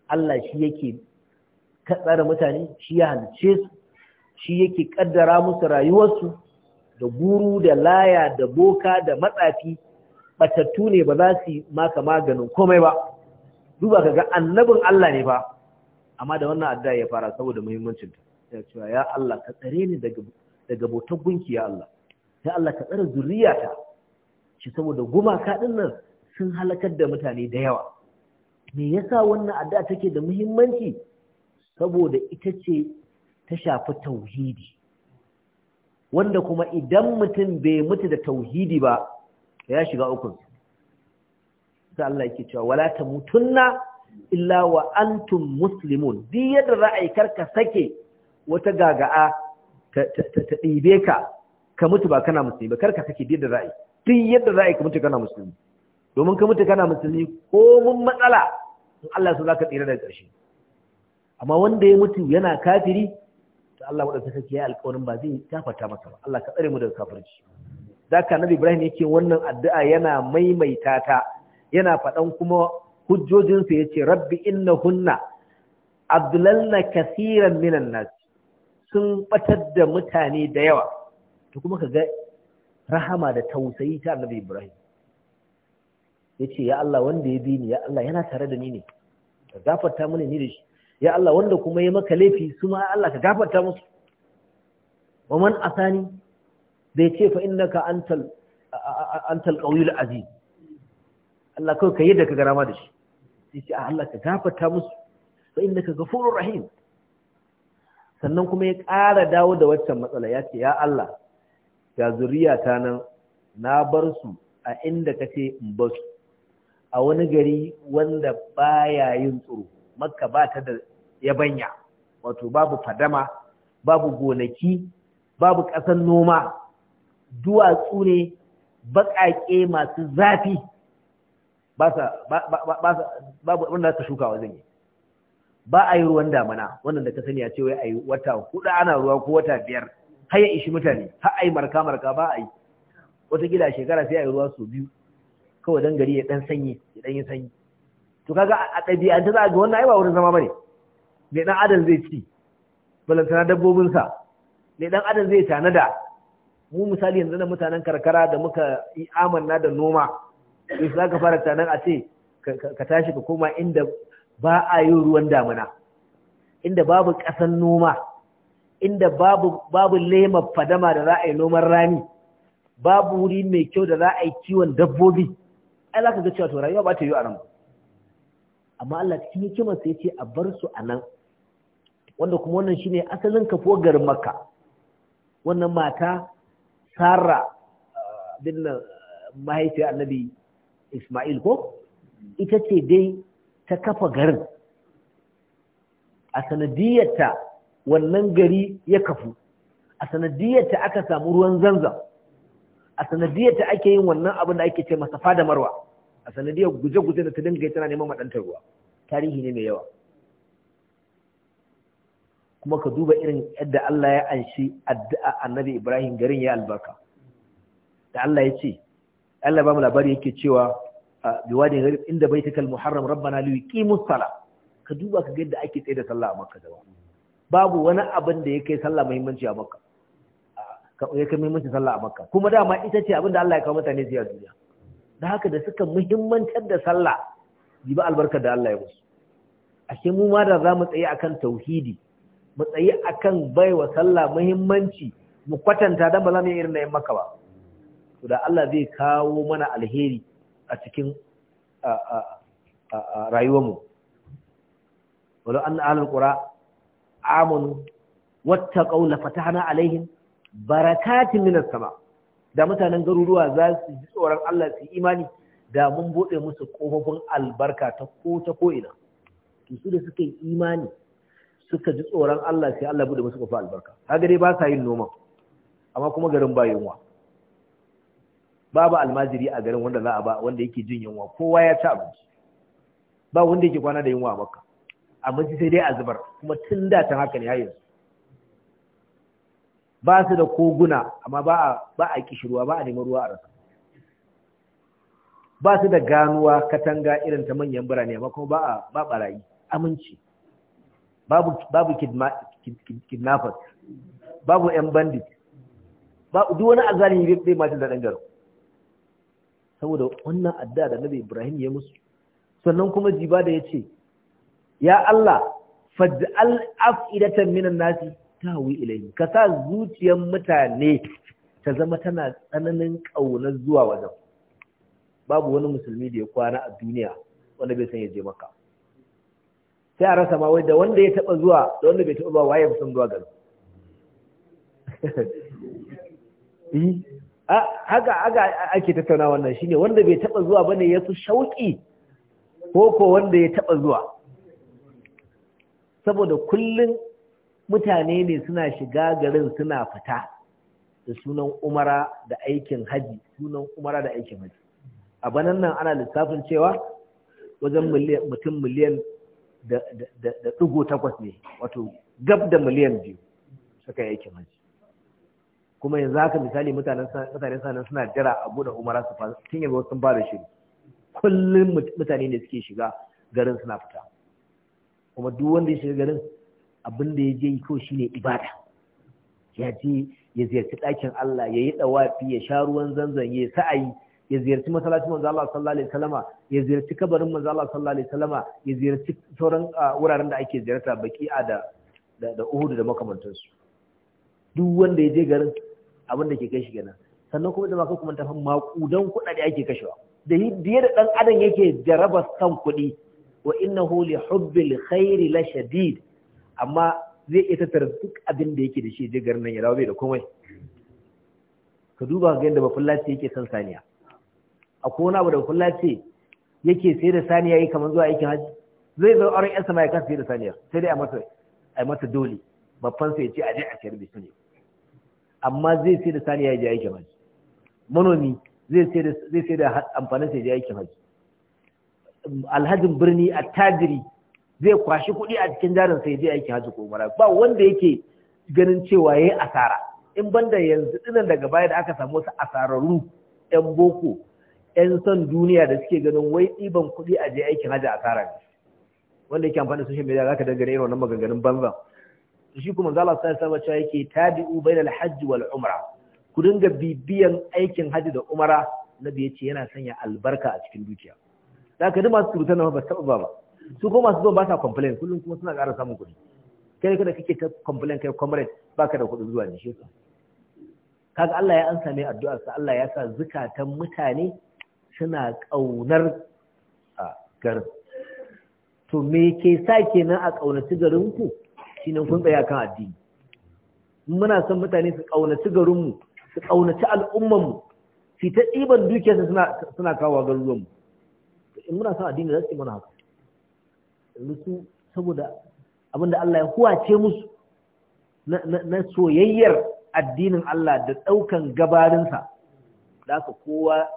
Allah shi yake katsara mutane shi ya halice su shi yake kaddara musu rayuwarsu da guru da laya da boka da matsafi batattu ne ba za su maka maganin komai ba duba ka ga annabin Allah ne ba amma da wannan addu'a ya fara saboda muhimmancin ta ya cewa ya Allah ka tsare ni daga daga bautar gunki ya Allah sai Allah ka tsara zuriyata shi saboda gumaka din nan sun halakar da mutane da yawa me yasa wannan addu'a take da muhimmanci saboda ita ce ta shafi tauhidi wanda kuma idan mutum bai mutu da tauhidi ba ya shiga ukun sai Allah yake cewa wala tamutunna illa wa antum muslimun duk yadda ra'ayi karka sake wata gaga'a ta ɗibe ka ka mutu ba kana musulmi ba kar ka biyar da tun yadda ra'ayi ka mutu kana musulmi domin ka mutu kana musulmi ko mun matsala in Allah za ka tsira da ƙarshe amma wanda ya mutu yana kafiri to Allah ta sarki ya alƙawarin ba zai gafarta masa ba Allah ka tsare mu daga kafirci ka Nabi Ibrahim yake wannan addu'a yana maimaita ta yana faɗan kuma hujjojinsa ya ce rabbi innahunna abdulalna kasiran minan nas sun batar da mutane da yawa to kuma ka ga rahama da tausayi ta annabi Ibrahim Ya ce ya Allah wanda ya bi ni ya Allah yana tare da ni ne ka gafarta mini ni da shi ya Allah wanda kuma ya maka laifi su ma Allah ka gafarta musu wa man asani bai ce fa innaka antal antal qawiyul aziz Allah kawai ka yadda ka garama da shi sai ce Allah ka gafarta musu fa innaka ghafurur rahim sannan kuma ya ƙara dawo da waccan matsala ya ce ya Allah ga ta nan na bar su a inda ka ce in ba su a wani gari wanda ba ya yin tsoro makka ba ta da yabanya wato babu fadama babu gonaki babu ƙasar noma duwatsu ne baƙaƙe masu zafi ba sa babu wanda ka shuka wa zan yi ba a yi ruwan damana wannan da ka sani a ce wai a yi wata hudu ana ruwa ko wata biyar haya ya ishi mutane har a yi marka marka ba a yi wata gida shekara sai a yi ruwa sau biyu kawai dan gari ya dan sanyi ya dan yi sanyi to kaga a ɗabi'anta za a ga wannan ai ba wurin zama bane mai dan adam zai ci balantana dabbobinsa mai dan adam zai tanada mu misali yanzu na mutanen karkara da muka yi amanna da noma sai za ka fara tanan a ce ka tashi ka koma inda ba a yi ruwan damina inda babu ƙasan noma inda babu babu lemar fadama da za a yi noman rani babu wuri mai kyau da za a yi kiwon dabbobi ai za ka ga cewa to rayuwa ba ta yi a nan amma Allah cikin hikimar sai ce a bar su a nan wanda kuma wannan shine asalin kafo garin Makka wannan mata Sara bin mahaifiyar Annabi Isma'il ko ita ce dai ta kafa garin a sanadiyarta wannan gari ya kafu a sanadiyarta aka samu ruwan zanzam a sanadiyarta ake yin wannan abin da ake ce masa fada marwa a sanadiyar guje-guje da ta dinga yi tana neman maɗantar ruwa tarihi ne mai yawa kuma ka duba irin yadda Allah ya anshi addu'a annabi Ibrahim garin ya albarka da Allah ya ce Allah ba mu labari yake cewa biwadi gharib inda baitikal muharram rabbana li yuqimus sala ka duba ka ga yadda ake tsaye da sallah a makka da babu wani abin da ya kai sallah muhimmanci a makka ya kai muhimmanci sallah a makka kuma dama ita ce abin da Allah ya kawo mutane zuwa duniya da haka da suka muhimmantar da sallah yi ba albarka da Allah ya musu ashe mu ma da za mu tsaye akan tauhidi mu tsaye akan baiwa sallah muhimmanci mu kwatanta dan ba za mu yi irin na yin maka ba to da Allah zai kawo mana alheri a cikin rayuwarmu an أن أهل القرى آمنوا واتقوا لفتحنا alaihin barakatun من sama da mutanen garuruwa za su ji tsoron Allah su imani da mun bude musu kofofin albarka ta ko ta ko ina su da suka yi imani suka ji tsoron Allah sai Allah bude musu kofofin albarka kaga dai ba sa yin noma amma kuma garin ba yunwa babu almajiri a garin wanda za a ba wanda yake jin yunwa kowa ya ci abinci ba wanda yake kwana da yunwa a makka shi sai dai a zubar kuma tun da ta haka ne har yanzu ba su da koguna amma ba a ba a kishirwa ba a neman ruwa a rasa ba su da ganuwa katanga irin ta manyan birane amma kuma ba a ba barayi aminci babu babu kidnappers babu yan bandit ba duk wani ne bai ma da dangar saboda wannan adda da Nabi Ibrahim ya musu sannan kuma jiba da ya ce. ya Allah faj'al af'idatan minan nasi tawi ilayhi ka sa zuciyar mutane ta zama tana tsananin kaunar zuwa wajen babu wani musulmi da ya kwana a duniya wanda bai san ya je maka sai a rasa ma wai da wanda ya taba zuwa da wanda bai taba zuwa waye san zuwa garin [laughs] eh? haka haka ake tattauna wannan shine wanda bai taba zuwa bane ya su shauki ko ko wanda ya taba zuwa saboda kullun mutane ne suna shiga garin suna fita da sunan umara da aikin haji sunan umara da aikin haji a banan nan ana lissafin cewa wajen mutum miliyan da ɗigo takwas ne wato gab da miliyan biyu suka yi aikin haji kuma yanzu haka misali mutane sanan suna jira a buɗe umara su fasa tun yanzu sun fara shiri. kullum mutane ne suke shiga garin suna fita kuma duk wanda ya shiga garin abin da ya je ko shine ibada ya je ya ziyarci ɗakin Allah ya yi ɗawafi ya sha ruwan zanzan ya sa'ayi ya ziyarci masallaci manzo Allah sallallahu alaihi wasallama ya ziyarci kabarin manzo Allah sallallahu alaihi wasallama ya ziyarci sauran wuraren da ake ziyarta baki'a da da Uhud da makamantansu duk wanda ya je garin abin da ke kai shi kenan sannan kuma jama'a kuma ta maƙudan kuɗaɗe ake kashewa da yadda ɗan adam yake jarabar san kuɗi wa innahu li hubbil khairi la shadid amma zai iya tattara duk abin da yake da shi jigar nan ya dawo bai da komai ka duba ga yadda bafullaci yake son saniya akwai wani abu da bafullaci yake sai da saniya yi kamar zuwa aikin hajji zai zo auren yan sama ya kasa sai da saniya sai dai a mata dole babban sai ya ce a je a sayar su ne amma zai sai da saniya ya je aikin hajji manomi zai sai da amfanin sai ya aikin hajji alhajin birni a tajiri zai kwashi kuɗi a cikin jarin sai je aikin hajji ko umara ba wanda yake ganin cewa yayi asara in banda yanzu dinan daga baya da aka samu wasu asararru yan boko yan son duniya da suke ganin wai ɗiban kuɗi a je aikin hajji asara ne wanda yake amfani da social media zaka dangane irin wannan maganganun banzan shi kuma zala sai saba cewa yake tabi'u bainal hajji wal umra ku dinga bibiyan aikin haji da umara nabi yace yana sanya albarka a cikin dukiya da ka duk masu rubuta nan ba ba su ko masu zuwa ba sa complain kullum kuma suna ƙara samun kuɗi kai kada kake ta complain kai comrade baka da kuɗi zuwa ne shi kaga Allah ya ansa mai sa Allah ya sa zukatan mutane suna ƙaunar garin to me ke sa kenan a ƙaunaci garin ku shine kun tsaya kan addini muna son mutane su kaunaci garinmu su kaunaci al'ummanmu su ta ɗiban dukiyarsa suna suna kawo garuruwanmu in muna son addini za su yi mana haka yanzu su saboda abinda Allah ya huwace musu na soyayyar addinin Allah da ɗaukan gabarinsa da aka kowa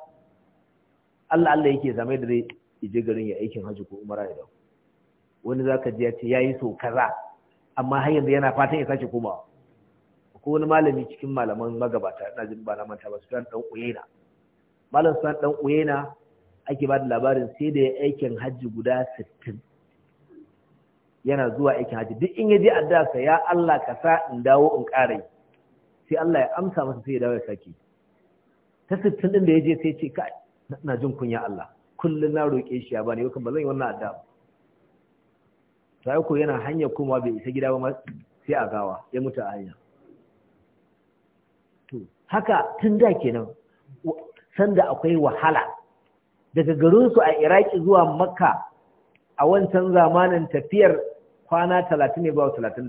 Allah Allah yake zama da zai je garin ya aikin hajji ko umara ya dawo wani ka ji ya ce yi so kaza amma har yanzu yana fatan ya sake komawa ko wani malami cikin malaman magabata ina jin ba na manta ba Sufyan dan Uyena malam Sufyan dan Uyena ake ba da labarin sai da ya aikin hajji guda 60 yana zuwa aikin hajji duk in yaje addasa sa ya Allah ka sa in dawo in ƙara sai Allah ya amsa masa sai ya dawo ya sake ta 60 din da yaje sai ce kai ina jin kunya Allah kullun na roke shi ya bani yau kan ba zan yi wannan addu'a to yana hanya komawa bai isa gida ba sai a gawa ya mutu a hanya haka tun da kenan sanda akwai wahala daga garinsu a iraki zuwa makka a wancan zamanin tafiyar kwana talatin ne ba talatin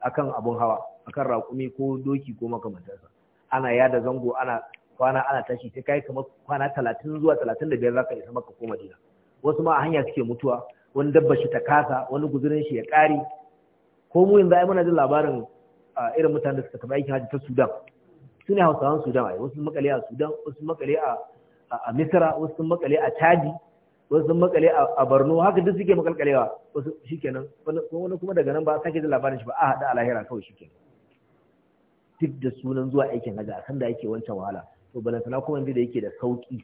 akan abun hawa akan raƙumi ko doki ko makamantarsa ana yada zango ana kwana ana tashi sai kai kamar kwana talatin zuwa talatin da biyar za ka isa Makka ko madina wasu ma a hanya suke mutuwa wani dabba shi ta kasa wani guzurin shi ya ƙare ko mu yanzu ai muna jin labarin irin mutanen da suka taba aikin hajji ta Sudan su ne Hausawan Sudan ai wasu makale a Sudan wasu makale a a Misra wasu makale a Chadi wasu makale a Borno haka duk suke makalkalewa wasu shikenan wani kuma daga nan ba sake jin labarin shi ba a hada a lahira kawai shikenan duk da sunan zuwa aikin hajji a san da yake wancan wahala to balantana kuma inda da yake da sauki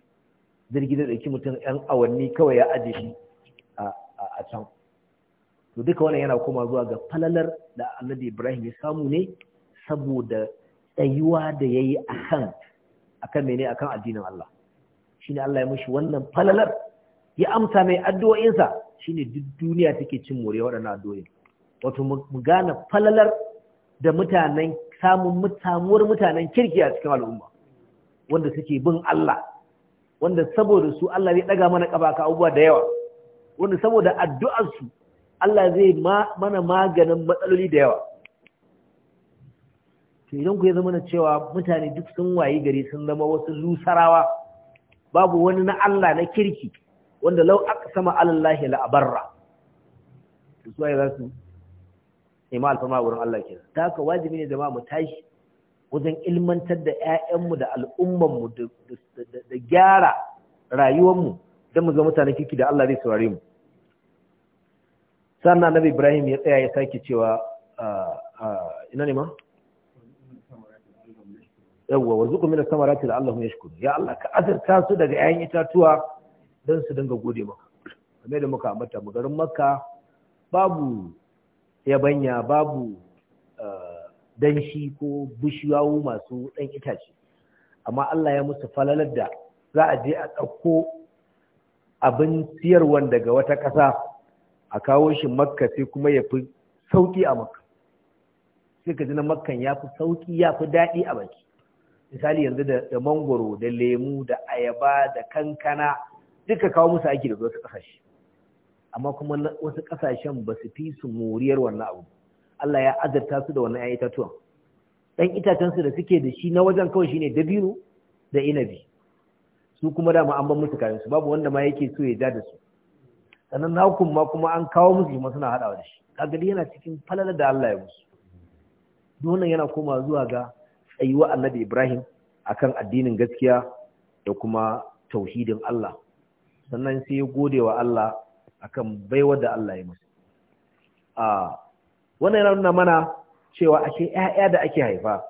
jirgi da ɗauki mutum 'yan awanni kawai ya aje shi a can to duka wannan yana koma zuwa ga falalar da annabi ibrahim ya samu ne saboda tsayuwa da ya yi a kan akan mene akan addinin Allah shine Allah ya mushi wannan falalar ya amsa mai addu'o'insa shine duk duniya take cin more waɗannan addu'o'in wato mu gane falalar da mutanen samun mutamuwar mutanen kirki a cikin al'umma wanda suke bin Allah wanda saboda su Allah ya daga mana kaba ka abubuwa da yawa wanda saboda addu'arsu Allah zai mana maganin matsaloli da yawa to idan ku ya zama na cewa mutane duk sun wayi gari sun zama wasu lusarawa babu wani na Allah na kirki wanda lau aka sama Allah la la’abarra. to za su nema alfama wurin Allah ke ta haka wajibi ne zama mu tashi wajen ilmantar da 'ya'yanmu da al'ummanmu da gyara rayuwarmu don mu zama mutane kirki da Allah zai saurare mu sannan nabi Ibrahim ya tsaya ya sake cewa ah, ah, ina ne ma yawwa warzuku min as-samarati da Allah ya Allah ka azurta su daga 'ya'yan itatuwa don su dinga gode maka kamar da muka ambata mu garin Makka babu yabanya babu ah, danshi ko bishiyawu masu ɗan itace amma Allah ya musu falalar da za a je a ɗauko abin siyarwan daga wata ƙasa a kawo shi makka sai kuma ya fi sauƙi a makka sai ka na makkan ya fi sauƙi ya fi daɗi a baki misali yanzu da mangoro da lemu da ayaba da kankana duka kawo musu aiki daga wasu ƙasashe amma kuma wasu ƙasashen ba su fi su moriyar wannan abu Allah ya azarta su da wannan 'ya'yan itatuwan ɗan itacensu da suke da shi na wajen kawai shine dabino da inabi su kuma dama an ban musu kayan su babu wanda ma yake so ya ja da su sannan nakun ma kuma an kawo musu kuma suna haɗawa da shi kaga yana cikin falala da Allah ya musu Dole yana koma zuwa ga tsayuwa annabi Ibrahim akan addinin gaskiya da kuma tauhidin Allah sannan sai ya gode wa Allah akan baiwa da Allah ya musu a wannan yana nuna mana cewa ashe ƴaƴa da ake haifa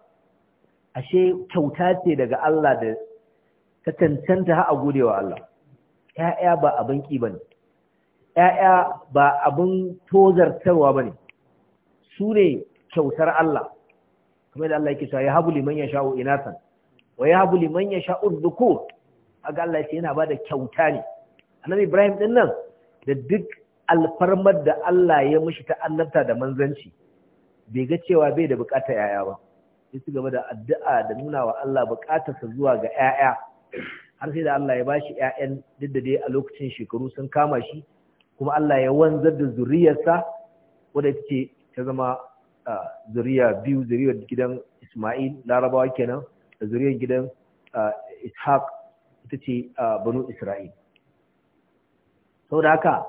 ashe kyauta ce daga Allah da ta cancanta ha a gode wa Allah ‘ya'ya ba abin ƙi bane, ‘ya'ya ba abin tozartarwa ba ne su ne kyautar Allah Kuma da Allah yake so. ya habu liman ya sha'o inasan wa ya habu liman ya sha'o aga Allah ce yana bada kyauta ne annabi Ibrahim ɗin nan da duk alfarmar da Allah ya mishi ta annabta da manzanci bai ga cewa bai da bukatar ‘ya'ya ba sai su gaba da addu'a da nuna wa Allah bukatarsa zuwa ga ‘ya'ya har sai da Allah ya bashi ƴaƴan duk da dai a lokacin shekaru sun kama shi kuma Allah ya wanzar da zuriyarsa wadda ce ta zama zuriya biyu zuriyar gidan Ismail Larabawa kenan da zuriyar gidan Ishaq ita ce Banu Isra'il saboda haka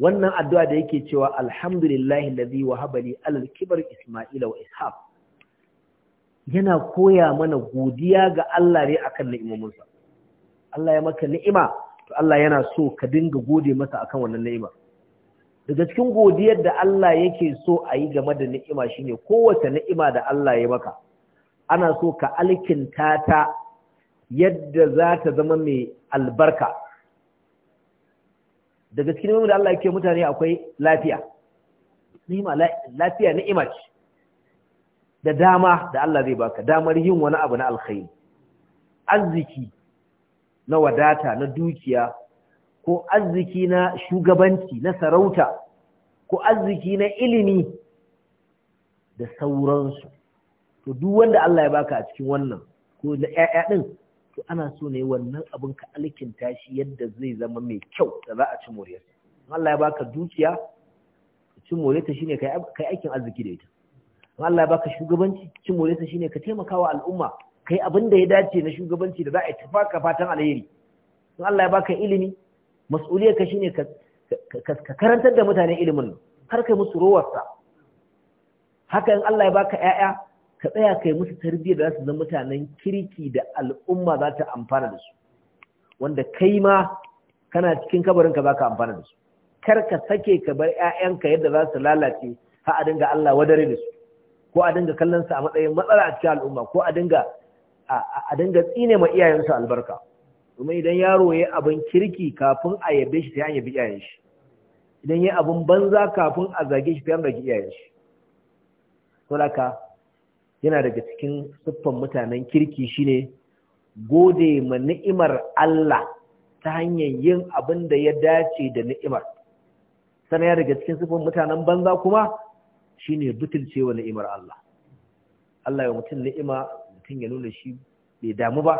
wannan addu'a da yake cewa alhamdulillahi allazi wahaba li alal kibar Isma'ila wa Ishaq yana koya mana godiya ga Allah ne akan ni'imominsa Allah ya maka ni'ima to Allah yana so ka dinga gode masa akan wannan ni'ima daga cikin godiyar da Allah yake so a yi game da ni'ima shine kowace ni'ima da Allah ya maka ana so ka alkinta ta yadda za ta zama mai albarka daga cikin ni'imomin da Allah yake mutane akwai lafiya ni'ima lafiya ni'ima ce da dama da Allah zai baka damar yin wani abu na alkhairi arziki na wadata na dukiya ko arziki na shugabanci na sarauta ko arziki na ilimi da sauransu to duk wanda Allah ya baka a cikin wannan ko na ƴaƴa din to ana so ne wannan abin ka alkinta shi yadda zai zama mai kyau da za a ci moriyar Allah ya baka dukiya ci moriyar ta shine kai aikin arziki da ita Allah ya baka shugabanci cin moresa shine ka taimaka wa al'umma kai abin da ya dace na shugabanci da za a tafaka fatan alheri in Allah ya baka ilimi mas'uliyar ka shine ka ka karantar da mutane ilimin har kai musu rowarsa haka in Allah ya baka ƴaƴa ka tsaya kai musu tarbiyyar da za su zama mutanen kirki da al'umma za ta amfana da su wanda kai ma kana cikin kabarin ka baka amfana da su kar ka sake ka bar ƴaƴanka yadda za su lalace har a dinga Allah wadare da su ko a dinga kallon sa a matsayin matsala a cikin al'umma ko a dinga a dinga tsine ma iyayensa albarka kuma idan yaro yayi abin kirki kafin a yabe shi ta hanyar iyayen shi idan ya abin banza kafin a zage shi ta hanyar iyayen shi laka yana daga cikin siffan mutanen kirki shine gode ma ni'imar Allah ta hanyar yin abin da ya dace da ni'imar sanaya daga cikin siffan mutanen banza kuma shine butulce wa ni'imar Allah Allah ya mutum ni'ima mutum ya nuna shi bai damu ba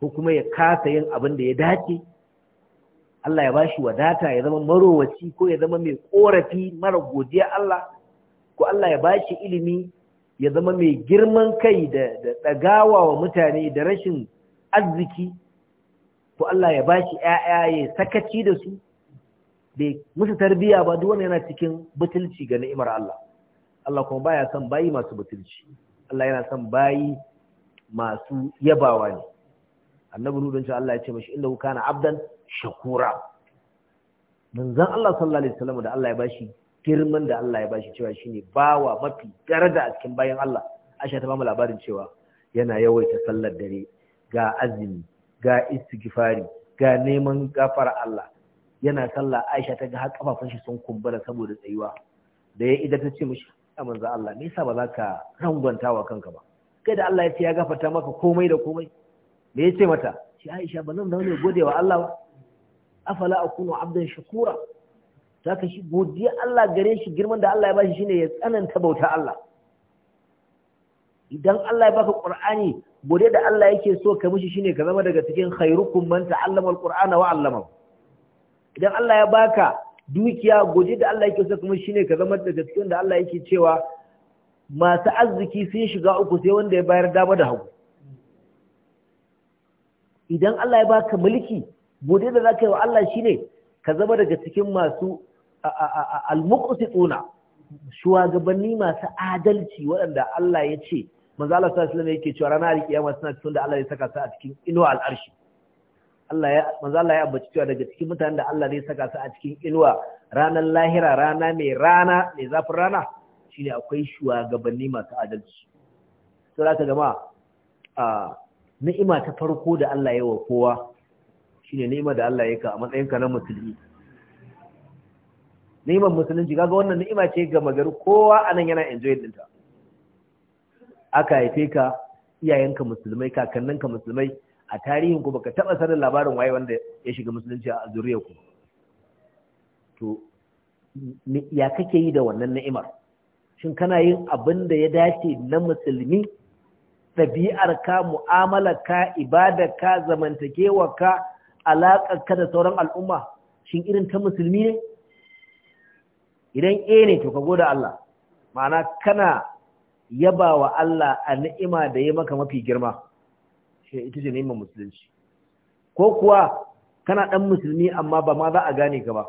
ko kuma ya kasa yin abin da ya dace Allah ya bashi wadata ya zama marowaci ko ya zama mai korafi mara godiya Allah ko Allah ya bashi ilimi ya zama mai girman kai da ɗagawa wa mutane da rashin arziki ko Allah ya bashi ‘ya'ya ya sakaci da su bai musu tarbiya ba duk wanda yana cikin butulci ga ni'imar Allah Allah kuma baya son bayi masu butulci Allah yana son bayi masu yabawa ne annabi nuhu don Allah ya ce mashi inda kana abdan shakura manzon Allah sallallahu alaihi wasallam da Allah ya bashi girman da Allah ya bashi cewa shine bawa mafi daraja a cikin bayan Allah Aisha ta ba mu labarin cewa yana yawaita sallar dare ga azumi ga istighfari ga neman gafara Allah yana sallah Aisha ta ga har kafafun shi sun kumbura saboda tsayuwa da ya idan ta ce mishi a manzan Allah me yasa ba za ka rangwanta wa kanka ba kai da Allah ya ce ya gafarta maka komai da komai me ya ce mata shi Aisha ba zan wani gode wa Allah ba afala akunu abdan shakura ka shi godiya Allah gare shi girman da Allah ya bashi shine ya tsananta bauta Allah idan Allah ya baka Qur'ani godiya da Allah yake so ka mishi shine ka zama daga cikin khairukum man ta'allama al-Qur'ana wa idan Allah ya baka dukiya goje da Allah yake so kuma shine ka zama daga cikin da Allah yake cewa masu arziki sun shiga uku sai wanda ya bayar dama da hagu idan Allah ya baka mulki gode da zaka yi wa Allah shine ka zama daga cikin masu al-muqsituna shugabanni masu adalci waɗanda Allah ya ce manzo Allah sallallahu alaihi wasallam yake cewa ranar kiyama suna cikin da Allah ya saka su a cikin inuwa arshi Allah ya manzo Allah ya ambaci cewa daga cikin mutanen da Allah zai saka su a cikin inuwa ranar lahira rana mai rana mai zafin rana shine akwai shugabanni masu adalci to zaka ma a ni'ima ta farko da Allah ya wa kowa shine ni'ima da Allah ya ka a matsayin ka na musulmi ni'imar musulunci kaga wannan ni'ima ce ga magari kowa anan yana enjoy dinta aka haife ka iyayenka musulmai kakanninka musulmai a tarihin ku baka taba sanin labarin waye wanda ya shiga musulunci a zuriyar ku to ya kake yi da wannan ni'imar shin kana yin abin da ya dace na musulmi ɗabi'ar ka mu'amalar ka ibadar ka zamantakewar ka alaƙar ka da sauran al'umma shin irin ta musulmi ne idan eh ne to ka goda Allah ma'ana kana yabawa Allah a ni'ima da ya maka mafi girma ita ce neman musulunci ko kuwa kana ɗan musulmi amma ba ma za a gane ka ba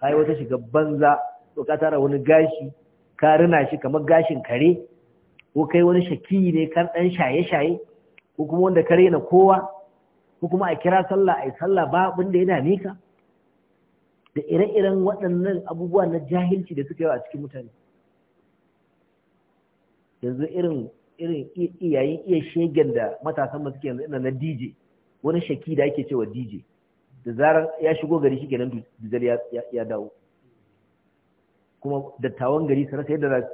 ka wata shiga banza ko ka tara wani gashi ka rina shi kamar gashin kare ko kai wani shaki ne kan ɗan shaye-shaye ko kuma wanda kare na kowa ko kuma a kira sallah a sallah ba abin da yana da ire-iren waɗannan abubuwa na jahilci da suka yi a cikin mutane yanzu irin irin iyayen iya shegen da matasan masu ke yanzu na DJ wani shaki da ake cewa DJ da zarar ya shigo gari shi kenan dizar ya dawo kuma dattawan gari su rasa yadda za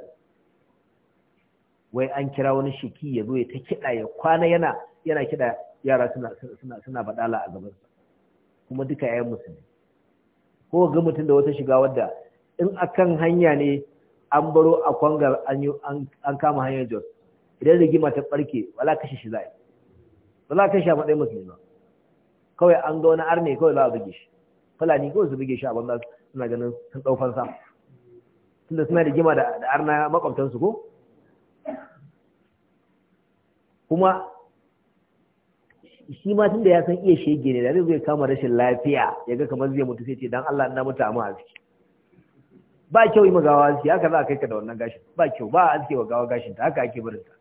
wai an kira wani shaki ya zo ya ta kiɗa ya kwana yana yana kiɗa yara suna suna suna a gaban sa kuma duka yayin musulmi ko ga mutum da wata shiga wadda in akan hanya ne an baro a kwangar an kama hanyar Jos idan rigima ta barke wala kashe shi za'a wala kashe a matsayin musulmi ba kawai an ga wani arne kawai za a buge shi fulani kawai su buge shi a banza suna ganin sun ɗaufan sa tunda suna rigima da arna makwabtansu ko kuma shi ma tunda ya san iya shege ne da zai zai kama rashin lafiya ya ga kamar zai mutu sai ce dan Allah na mutu a mu arziki ba kyau yi magawa arziki haka za a kai ka da wannan gashin ba kyau ba arziki wa gawa gashin ta haka ake barin ta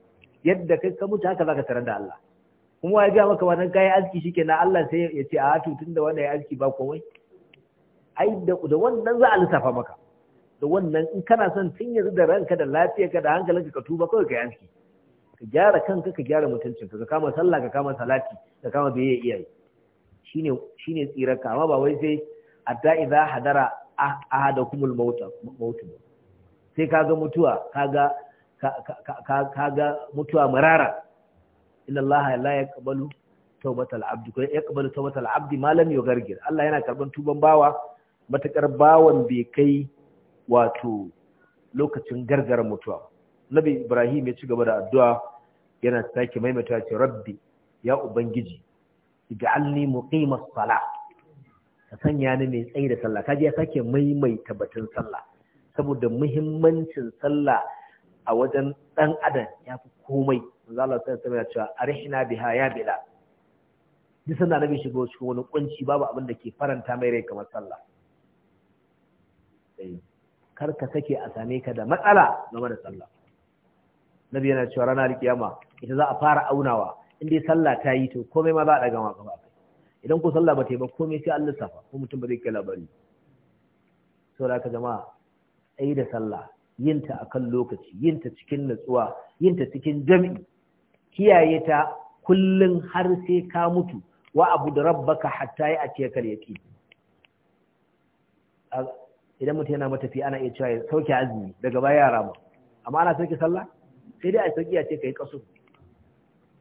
yadda kai ka mutu haka zaka tarar da Allah kuma ya ga maka wannan kai aski na Allah sai ya ce a hatu tunda wanda ya aski ba komai ai da wannan za a lissafa maka da wannan in kana son tun yanzu da ranka da lafiyarka da hankalinka ka tuba kawai ka yanki ka gyara kanka ka gyara mutuncinka ka kama sallah ka kama salati ka kama biyayya iyaye shine shine tsirarka amma ba wai sai hatta idza hadara ahadakumul mautu mautu sai kaga mutuwa kaga ka ga mutuwa marara inna Allah la yaqbalu tawbatal abdi ko yaqbalu tawbatal abdi ma lam yugargir Allah yana karban tuban bawa matakar bawan bai kai wato lokacin gargara mutuwa Nabi Ibrahim ya ci gaba da addu'a yana sake maimaita ce rabbi ya ubangiji ij'alni muqimas salah ka sanya ni mai tsayi da sallah kaje ya sake maimaita batun sallah saboda muhimmancin sallah a wajen ɗan adam ya fi komai zala sai sai ya cewa na biha ya bila duk sanda bai shigo cikin wani kunci babu abin da ke faranta mai rai kamar sallah eh, kar ka sake a same ka da matsala game da sallah nabi yana cewa ranar kiyama ita za a fara aunawa in dai sallah ta yi to komai ma za a daga ma gaba idan ko sallah ba ta yi ba komai sai an lissafa ko mutum ba zai kai labari saboda haka jama'a ai da sallah yinta kan lokaci yinta cikin natsuwa yinta cikin jami'i, kiyaye ta kullum har sai ka mutu wa abu da rabbaka hatta ya a cikin yaqin idan mutum yana matafi ana iya cewa ya sauke azumi daga baya yara ma amma ana sauke sallah sai dai a sauke ya ce kai kaso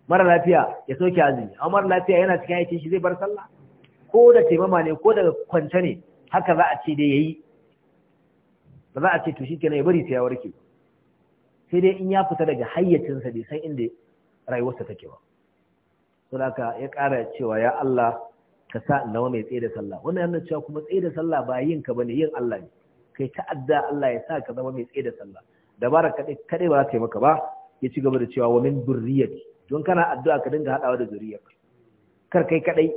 mara lafiya ya sauke azumi amma mara lafiya yana cikin aikin shi zai bar sallah ko da taimama ne ko daga kwance ne haka za a ce ya yayi ba za a ce to shikenan ya bari sai ya warke sai dai in ya fita daga hayyacinsa bai san inda rayuwarsa take ba saboda aka ya ƙara cewa ya Allah ka sa in mai tsaye da sallah wannan yana cewa kuma tsaye da sallah ba yin ka bane yin Allah ne kai ta'adda Allah ya sa ka zama mai tsaye da sallah dabara kadai kadai ba za ta yi maka ba ya ci gaba da cewa wa min don kana addu'a ka dinga hadawa da zuriyarka kar kai kadai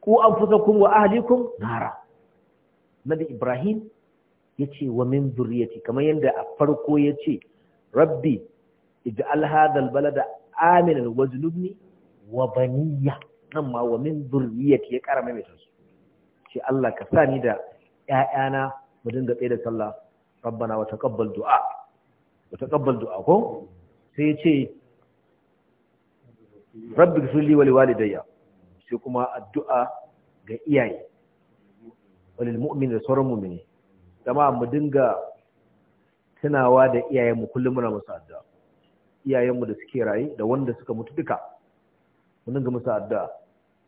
ku anfusakum wa ahlikum nara nabi ibrahim yace wa min zurriyati kamar yanda a farko yace rabbi ij'al hadha albalada aminan wajnubni wa baniya nan ma wa min zurriyati ya kara mai su ce Allah ka sa ni da ƴaƴana mu dinga tsaye da sallah rabbana wa taqabbal du'a wa taqabbal du'a ko sai ya ce rabbi ghfirli wa liwalidayya sai kuma addu'a ga iyaye walil mu'min da sauran mu'mini jama'a mu dinga tunawa da iyayenmu kullum muna musu addu'a iyayenmu da suke raye da wanda suka mutu duka mu dinga musu addu'a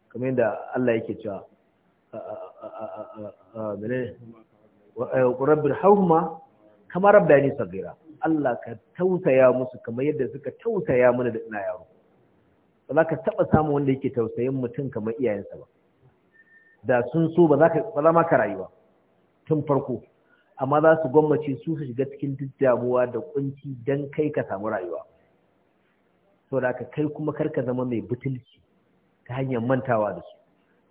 kamar yadda Allah yake cewa mene eh, rabbi hauma kamar rabbani sagira Allah ka tausaya musu kamar yadda suka tausaya mana da ina yaro ba za ka taɓa samun wanda yake tausayin mutum kamar iyayensa ba da sun so ba za ma ka rayuwa tun farko amma za su gwammace su su shiga cikin duk damuwa da kunci don kai ka samu rayuwa sau da ka kai kuma karka zama mai butulci ta hanyar mantawa da su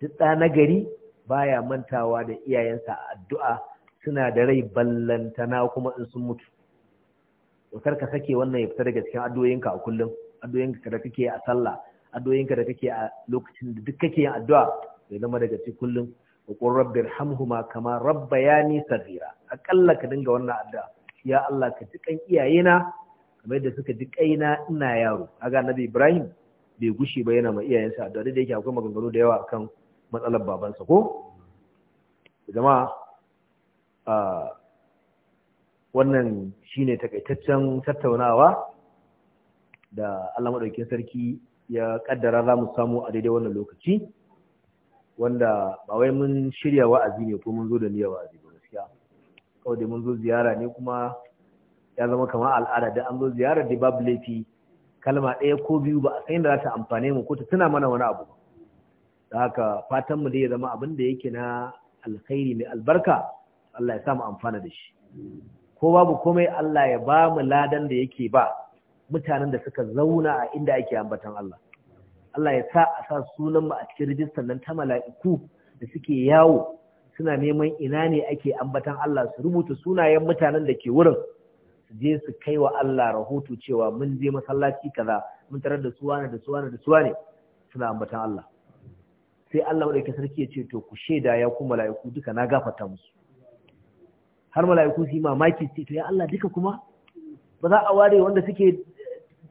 duk ɗa na gari baya mantawa da iyayensa a addu'a suna da rai ballantana kuma in sun mutu to karka sake wannan ya fita daga cikin addu'oyinka a kullum addu'oyinka da kake a sallah addu'oyinka da kake a lokacin da duk kake yin addu'a ya zama daga cikin kullum وقل رب ارحمهما hamhuma kama rabbayani اقل akalla ka dinga wannan adda ya Allah ka ji kan iyayena kamar yadda suka ji kaina ina yaro kaga annabi Ibrahim bai gushi ba yana ma iyayensa adda da yake akwai maganganu da yawa kan matsalar babansa ko jama'a wannan shine takaitaccen tattaunawa da Allah madaukakin sarki ya ƙaddara za mu samu a daidai wannan lokaci wanda ba wai mun shirya wa'azi ne ko mun zo da niyyar wa'azi ba gaskiya kawai dai mun zo ziyara ne kuma ya zama kamar al'ada da an zo ziyarar da babu laifi kalma ɗaya ko biyu ba a san da za ta amfane mu ko ta tuna mana wani abu ba da haka fatan mu dai ya zama abin da yake na alkhairi mai albarka Allah ya sa mu amfana da shi ko babu komai Allah ya ba mu ladan da yake ba mutanen da suka zauna a inda ake ambatan Allah Allah ya sa a sa sunan mu a cikin rijistar nan ta mala'iku da suke yawo suna neman ina ne ake ambatan Allah su rubuta sunayen mutanen da ke wurin su je su kai wa Allah rahoto cewa mun je masallaci kaza mun tarar da suwane da suwane da ne suna ambatan Allah sai Allah wadda sarki ya ce to ku shaida ya ku mala'iku duka na gafata musu har mala'iku su yi mamaki ce to ya Allah duka kuma ba za a ware wanda suke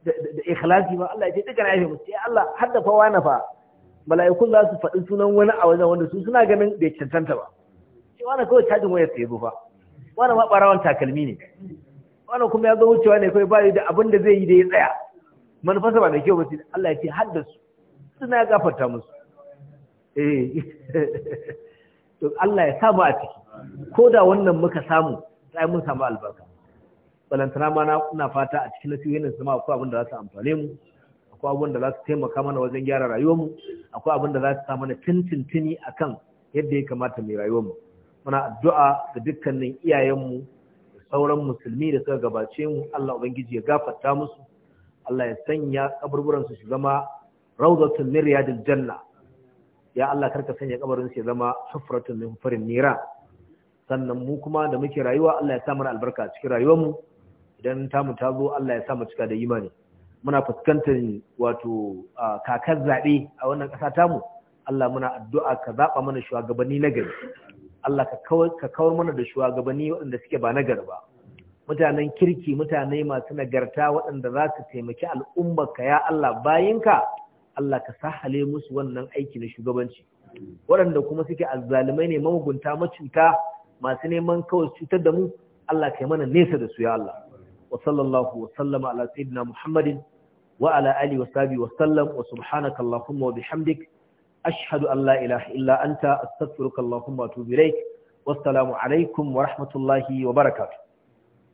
da ikhlasi ba Allah ya ce duka na yafe musu Ya Allah haddafa wani fa mala'ikun za su faɗi sunan wani a wajen wanda su suna ganin bai cancanta ba sai wani kawai cajin wayar sai zo fa wani ma barawan takalmi ne wani kuma ya zo wucewa ne kai bayi da abin da zai yi da ya tsaya manufarsa ba da kyau ba sai Allah ya ce haddasu suna gafarta musu eh [laughs] to Allah ya samu a ciki ko da wannan muka samu sai mun samu albarka balantana ma na fata a cikin nasihohin su ma akwai abin da za su amfane mu akwai abin da za su taimaka mana wajen gyara rayuwar mu akwai abin da za su sa mana tintintini akan yadda ya kamata mai rayuwar mu muna addu'a ga dukkanin iyayen mu da sauran musulmi da suka gabace mu Allah ubangiji ya gafarta musu Allah ya sanya kaburburan su su zama rawdatun min riyadil janna ya Allah karka sanya kabarin su ya zama sufratun min farin nira sannan mu kuma da muke rayuwa Allah ya sa mana albarka cikin rayuwar mu dan tamu ta zo Allah ya sa mu cika da imani muna fuskantar wato kakar zaɓe a wannan ƙasa tamu Allah muna addu'a ka zaɓa mana shugabanni na gari Allah ka kawar mana da shugabanni waɗanda suke ba na ba mutanen kirki mutane masu nagarta waɗanda za su taimaki ka ya Allah bayinka Allah ka sahale musu wannan aiki na shugabanci waɗanda kuma suke azzalumai ne mamugunta macuta masu neman kawai cutar da mu Allah ka yi mana nesa da su ya Allah wa sallallahu wa Muhammadin wa ala alihi wa sahbihi wa sallam wa wa bihamdik ashhadu an la ilaha illa anta astaghfiruka allahumma wasalamu atubu alaikum wa rahmatullahi wa barakatuh